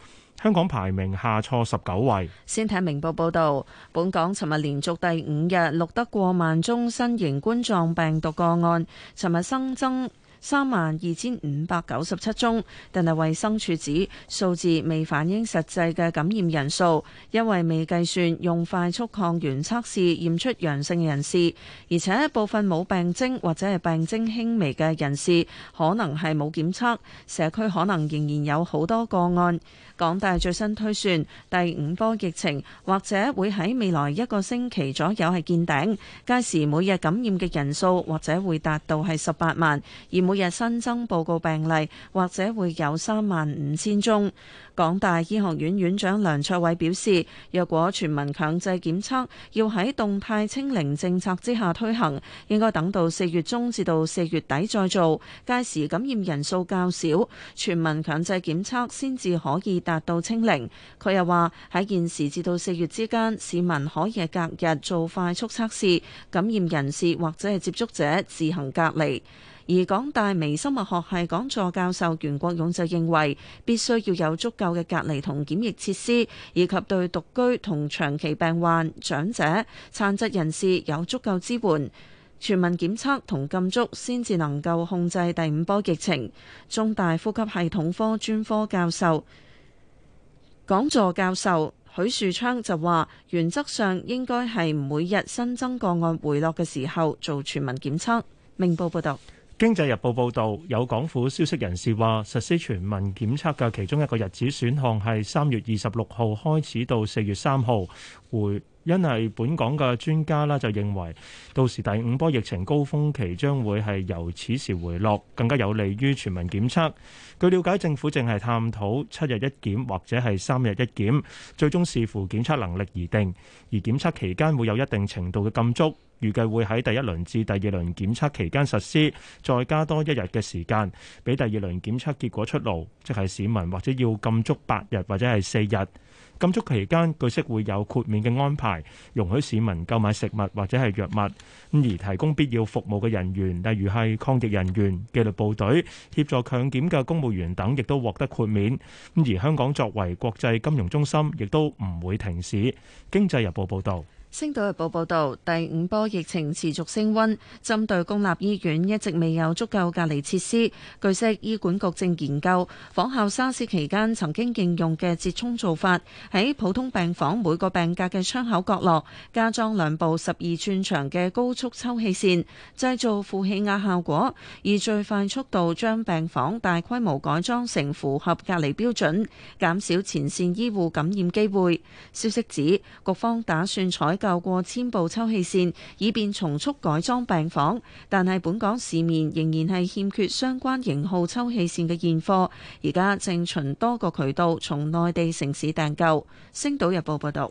香港排名下挫十九位。先睇明報報道，本港尋日連續第五日錄得過萬宗新型冠，冠狀病毒個案，尋日新增三萬二千五百九十七宗。但係衛生署指數字未反映實際嘅感染人數，因為未計算用快速抗原測試驗出陽性人士，而且部分冇病徵或者係病徵輕微嘅人士可能係冇檢測，社區可能仍然有好多個案。港大最新推算，第五波疫情或者會喺未來一個星期左右係見頂，屆時每日感染嘅人數或者會達到係十八萬，而每日新增報告病例或者會有三萬五千宗。港大醫學院院長梁卓偉表示，若果全民強制檢測要喺動態清零政策之下推行，應該等到四月中至到四月底再做，屆時感染人數較少，全民強制檢測先至可以達到清零。佢又話，喺現時至到四月之間，市民可以喺隔日做快速測試，感染人士或者係接觸者自行隔離。而港大微生物學系講座教授袁國勇就認為必須要有足夠嘅隔離同檢疫設施，以及對獨居同長期病患、長者、殘疾人士有足夠支援，全民檢測同禁足先至能夠控制第五波疫情。中大呼吸系統科專科教授、講座教授許樹昌就話原則上應該係每日新增個案回落嘅時候做全民檢測，明報報道。《經濟日報》報導，有港府消息人士話，實施全民檢測嘅其中一個日子選項係三月二十六號開始到四月三號。回因係本港嘅專家啦，就認為到時第五波疫情高峰期將會係由此時回落，更加有利於全民檢測。據了解，政府正係探討七日一檢或者係三日一檢，最終視乎檢測能力而定。而檢測期間會有一定程度嘅禁足。預計會喺第一輪至第二輪檢測期間實施，再加多一日嘅時間，俾第二輪檢測結果出爐，即係市民或者要禁足八日或者係四日。禁足期間據悉會有豁免嘅安排，容許市民購買食物或者係藥物。咁而提供必要服務嘅人員，例如係抗疫人員、紀律部隊、協助強檢嘅公務員等，亦都獲得豁免。咁而香港作為國際金融中心，亦都唔會停市。經濟日報報導。《星島日報》報道，第五波疫情持續升溫，針對公立醫院一直未有足夠隔離設施，據悉醫管局正研究仿效沙士期間曾經應用嘅折衷做法，喺普通病房每個病格嘅窗口角落加裝兩部十二寸長嘅高速抽氣扇，製造負氣壓效果，以最快速度將病房大規模改裝成符合隔離標準，減少前線醫護感染機會。消息指，局方打算採購過千部抽氣扇，以便重速改裝病房，但係本港市面仍然係欠缺相關型號抽氣扇嘅現貨，而家正循多個渠道從內地城市訂購。星島日報報道。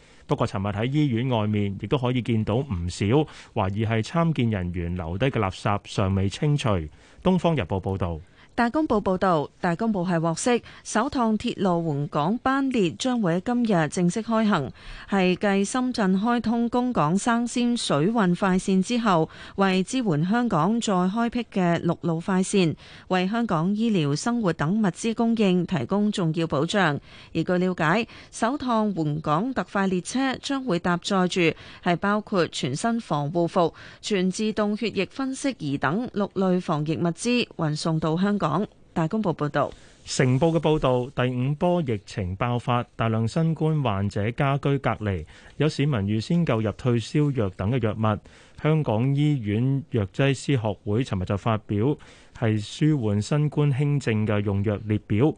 不過尋日喺醫院外面，亦都可以見到唔少懷疑係參建人員留低嘅垃圾，尚未清除。《東方日報》報道。大公報報導，大公報係獲悉，首趟鐵路援港班列將會喺今日正式開行，係繼深圳開通公港生鮮水運快線之後，為支援香港再開闢嘅陸路快線，為香港醫療、生活等物資供應提供重要保障。而據了解，首趟援港特快列車將會搭載住係包括全身防護服、全自動血液分析儀等六類防疫物資，運送到香港。港大公報報道，成報嘅報道，第五波疫情爆發，大量新冠患者家居隔離，有市民預先購入退燒藥等嘅藥物。香港醫院藥劑師學會尋日就發表，係舒緩新冠輕症嘅用藥列表。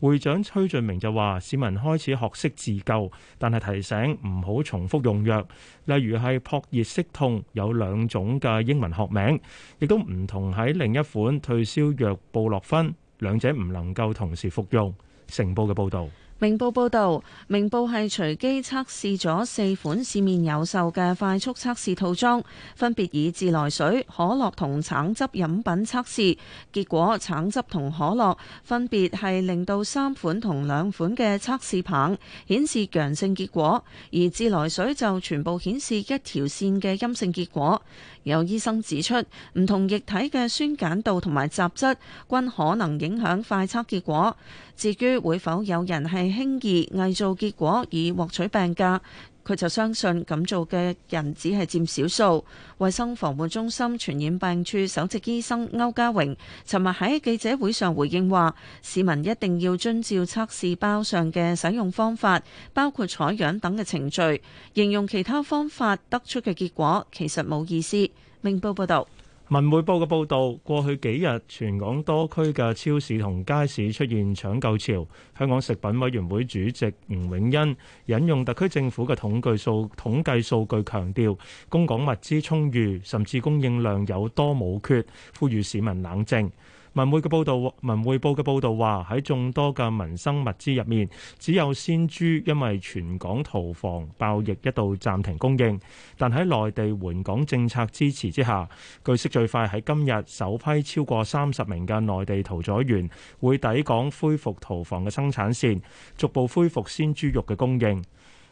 會長崔俊明就話：市民開始學識自救，但係提醒唔好重複用藥。例如係撲熱息痛有兩種嘅英文學名，亦都唔同喺另一款退燒藥布洛芬，兩者唔能夠同時服用。成報嘅報導。明報報導，明報係隨機測試咗四款市面有售嘅快速測試套裝，分別以自來水、可樂同橙汁飲品測試，結果橙汁同可樂分別係令到三款同兩款嘅測試棒顯示陽性結果，而自來水就全部顯示一條線嘅陰性結果。有醫生指出，唔同液體嘅酸鹼度同埋雜質均可能影響快測結果。至於會否有人係輕易偽造結果以獲取病假，佢就相信咁做嘅人只係佔少數。衛生防護中心傳染病處首席醫生歐家榮尋日喺記者會上回應話：市民一定要遵照測試包上嘅使用方法，包括採樣等嘅程序。形容其他方法得出嘅結果其實冇意思。明報報道。文匯報嘅報道，過去幾日，全港多區嘅超市同街市出現搶購潮。香港食品委員會主席吳永恩引用特區政府嘅統計數統計數據強調，強調供港物資充裕，甚至供應量有多冇缺，呼籲市民冷靜。文匯嘅報導，文匯報嘅報導話，喺眾多嘅民生物資入面，只有鮮豬因為全港屠房爆疫一度暫停供應，但喺內地援港政策支持之下，據悉最快喺今日首批超過三十名嘅內地屠宰員會抵港恢復屠房嘅生產線，逐步恢復鮮豬肉嘅供應。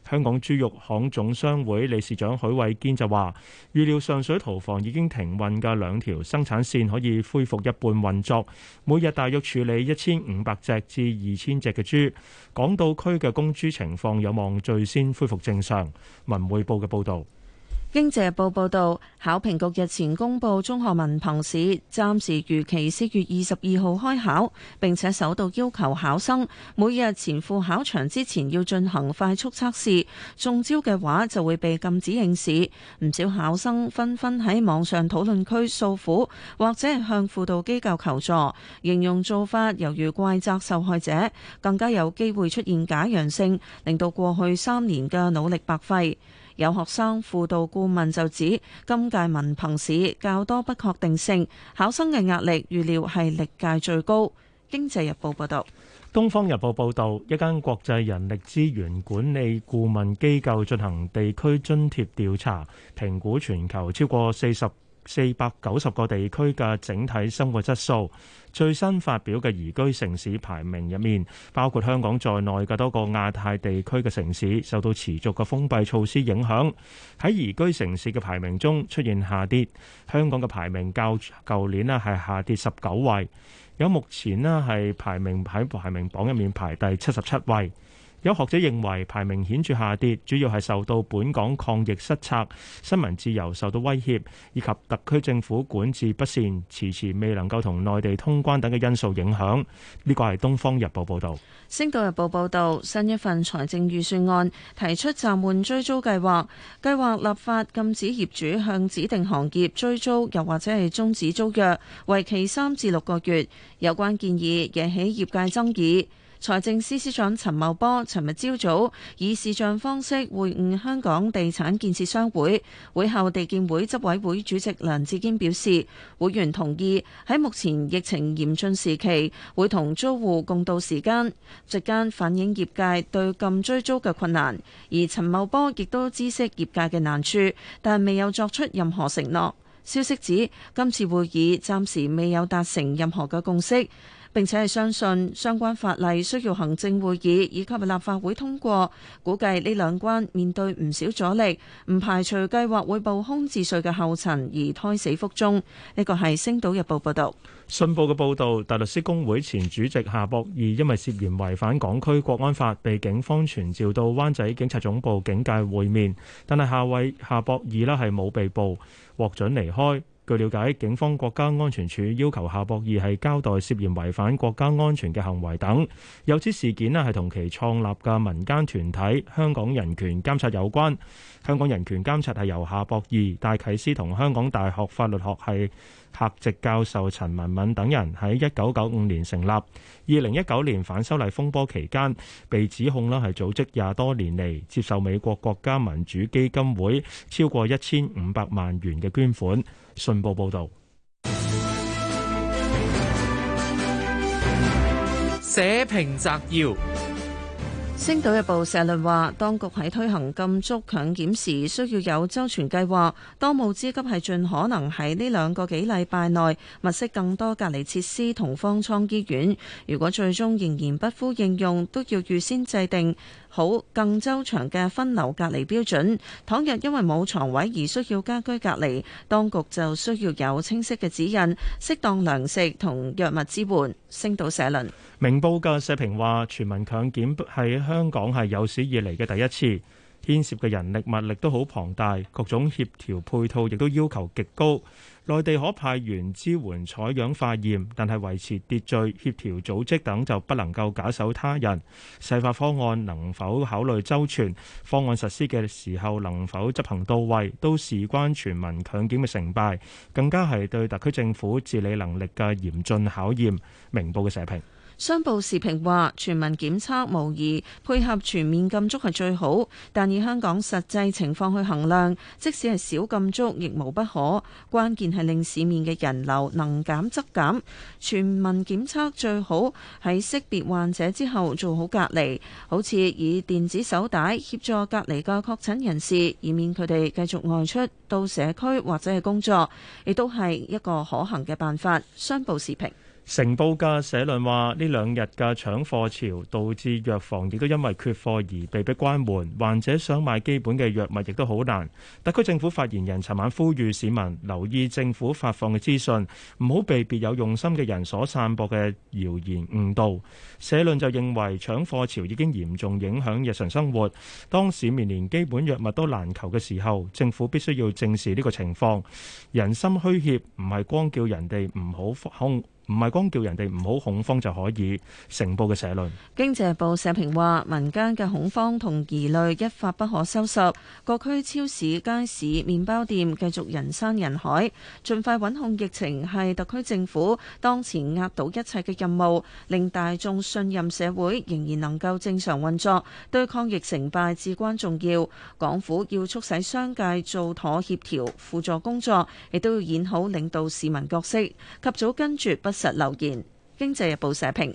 香港豬肉行總商會理事長許偉堅就話：預料上水屠房已經停運嘅兩條生產線可以恢復一半運作，每日大約處理一千五百隻至二千隻嘅豬。港島區嘅供豬情況有望最先恢復正常。文匯報嘅報導。《經濟報》報導，考評局日前公布中學文憑試暫時預期四月二十二號開考，並且首度要求考生每日前赴考場之前要進行快速測試，中招嘅話就會被禁止應試。唔少考生紛紛喺網上討論區訴苦，或者向輔導機構求助，形容做法猶如怪責受害者，更加有機會出現假陽性，令到過去三年嘅努力白費。有學生輔導顧問就指，今屆文憑試較多不確定性，考生嘅壓力預料係歷屆最高。經濟日報報導，東方日報報導，一間國際人力資源管理顧問機構進行地區津貼調查，評估全球超過四十四百九十個地區嘅整體生活質素，最新發表嘅宜居城市排名入面，包括香港在內嘅多個亞太地區嘅城市，受到持續嘅封閉措施影響，喺宜居城市嘅排名中出現下跌。香港嘅排名較舊年呢係下跌十九位，有目前呢係排名喺排名榜入面排第七十七位。有學者認為排名顯著下跌，主要係受到本港抗疫失策、新聞自由受到威脅以及特區政府管治不善、遲遲未能夠同內地通關等嘅因素影響。呢個係《東方日報》報導，《星島日報》報導，新一份財政預算案提出暫緩追租計劃，計劃立法禁止業主向指定行業追租，又或者係終止租約，為期三至六個月。有關建議惹起業界爭議。財政司司長陳茂波尋日朝早以視像方式會晤香港地產建設商會，會後地建會執委會主席梁志堅表示，會員同意喺目前疫情嚴峻時期，會同租戶共度時間，席間反映業界對禁追租嘅困難。而陳茂波亦都知悉業界嘅難處，但未有作出任何承諾。消息指，今次會議暫時未有達成任何嘅共識。並且係相信相關法例需要行政會議以及係立法會通過，估計呢兩關面對唔少阻力，唔排除計劃會步空置稅嘅後塵而胎死腹中。呢個係《星島日報》報道。信報嘅報導，大律師公會前主席夏博義因為涉嫌違反港區國安法，被警方傳召到灣仔警察總部警誡會面，但係夏偉夏博義呢係冇被捕，獲准離開。據了解，警方國家安全處要求夏博義係交代涉嫌違反國家安全嘅行為等，有指事件呢係同其創立嘅民間團體香港人權監察有關。香港人權監察係由夏博義、戴啟思同香港大學法律學系客席教授陳文敏等人喺一九九五年成立。二零一九年反修例風波期間，被指控啦，係組織廿多年嚟接受美國國家民主基金會超過一千五百萬元嘅捐款。信報報道，社評摘要。《星島日報》社論話，當局喺推行禁足強檢時，需要有周全計劃，當務之急係盡可能喺呢兩個幾禮拜內物色更多隔離設施同方艙醫院。如果最終仍然不敷應用，都要預先制定。好更周長嘅分流隔離標準，倘若因為冇床位而需要家居隔離，當局就需要有清晰嘅指引，適當糧食同藥物支援。星島社論。明報嘅社評話全民強檢喺香港係有史以嚟嘅第一次。牽涉嘅人力物力都好龐大，各種協調配套亦都要求極高。內地可派員支援採樣化驗，但係維持秩序、協調組織等就不能夠假手他人。細化方案能否考慮周全？方案實施嘅時候能否執行到位，都事關全民強檢嘅成敗，更加係對特區政府治理能力嘅嚴峻考驗。明報嘅社評。商報時評話：全民檢測無疑配合全面禁足係最好，但以香港實際情況去衡量，即使係少禁足亦無不可。關鍵係令市面嘅人流能減則減。全民檢測最好喺識別患者之後做好隔離，好似以電子手帶協助隔離嘅確診人士，以免佢哋繼續外出到社區或者係工作，亦都係一個可行嘅辦法。商報時評。成報嘅社論話：呢兩日嘅搶貨潮導致藥房亦都因為缺貨而被迫關門，患者想買基本嘅藥物亦都好難。特區政府發言人尋晚呼籲市民留意政府發放嘅資訊，唔好被別有用心嘅人所散播嘅謠言誤導。社論就認為搶貨潮已經嚴重影響日常生活，當市民連基本藥物都難求嘅時候，政府必須要正視呢個情況。人心虛怯，唔係光叫人哋唔好空。唔係光叫人哋唔好恐慌就可以，成報嘅社論。經濟日報社評話民間嘅恐慌同疑慮一發不可收拾，各區超市、街市、麵包店繼續人山人海。盡快穩控疫情係特區政府當前壓倒一切嘅任務，令大眾信任社會仍然能夠正常運作，對抗疫成敗至關重要。港府要促使商界做妥協調輔助工作，亦都要演好領導市民角色，及早跟住不。實留言，《經濟日報》社評。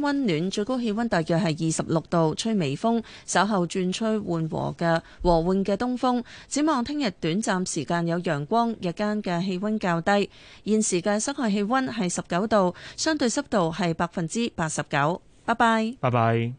溫暖，最高氣溫大約係二十六度，吹微風，稍後轉吹緩和嘅和緩嘅東風。展望聽日短暫時間有陽光，日間嘅氣溫較低。現時嘅室外氣溫係十九度，相對濕度係百分之八十九。拜拜，拜拜。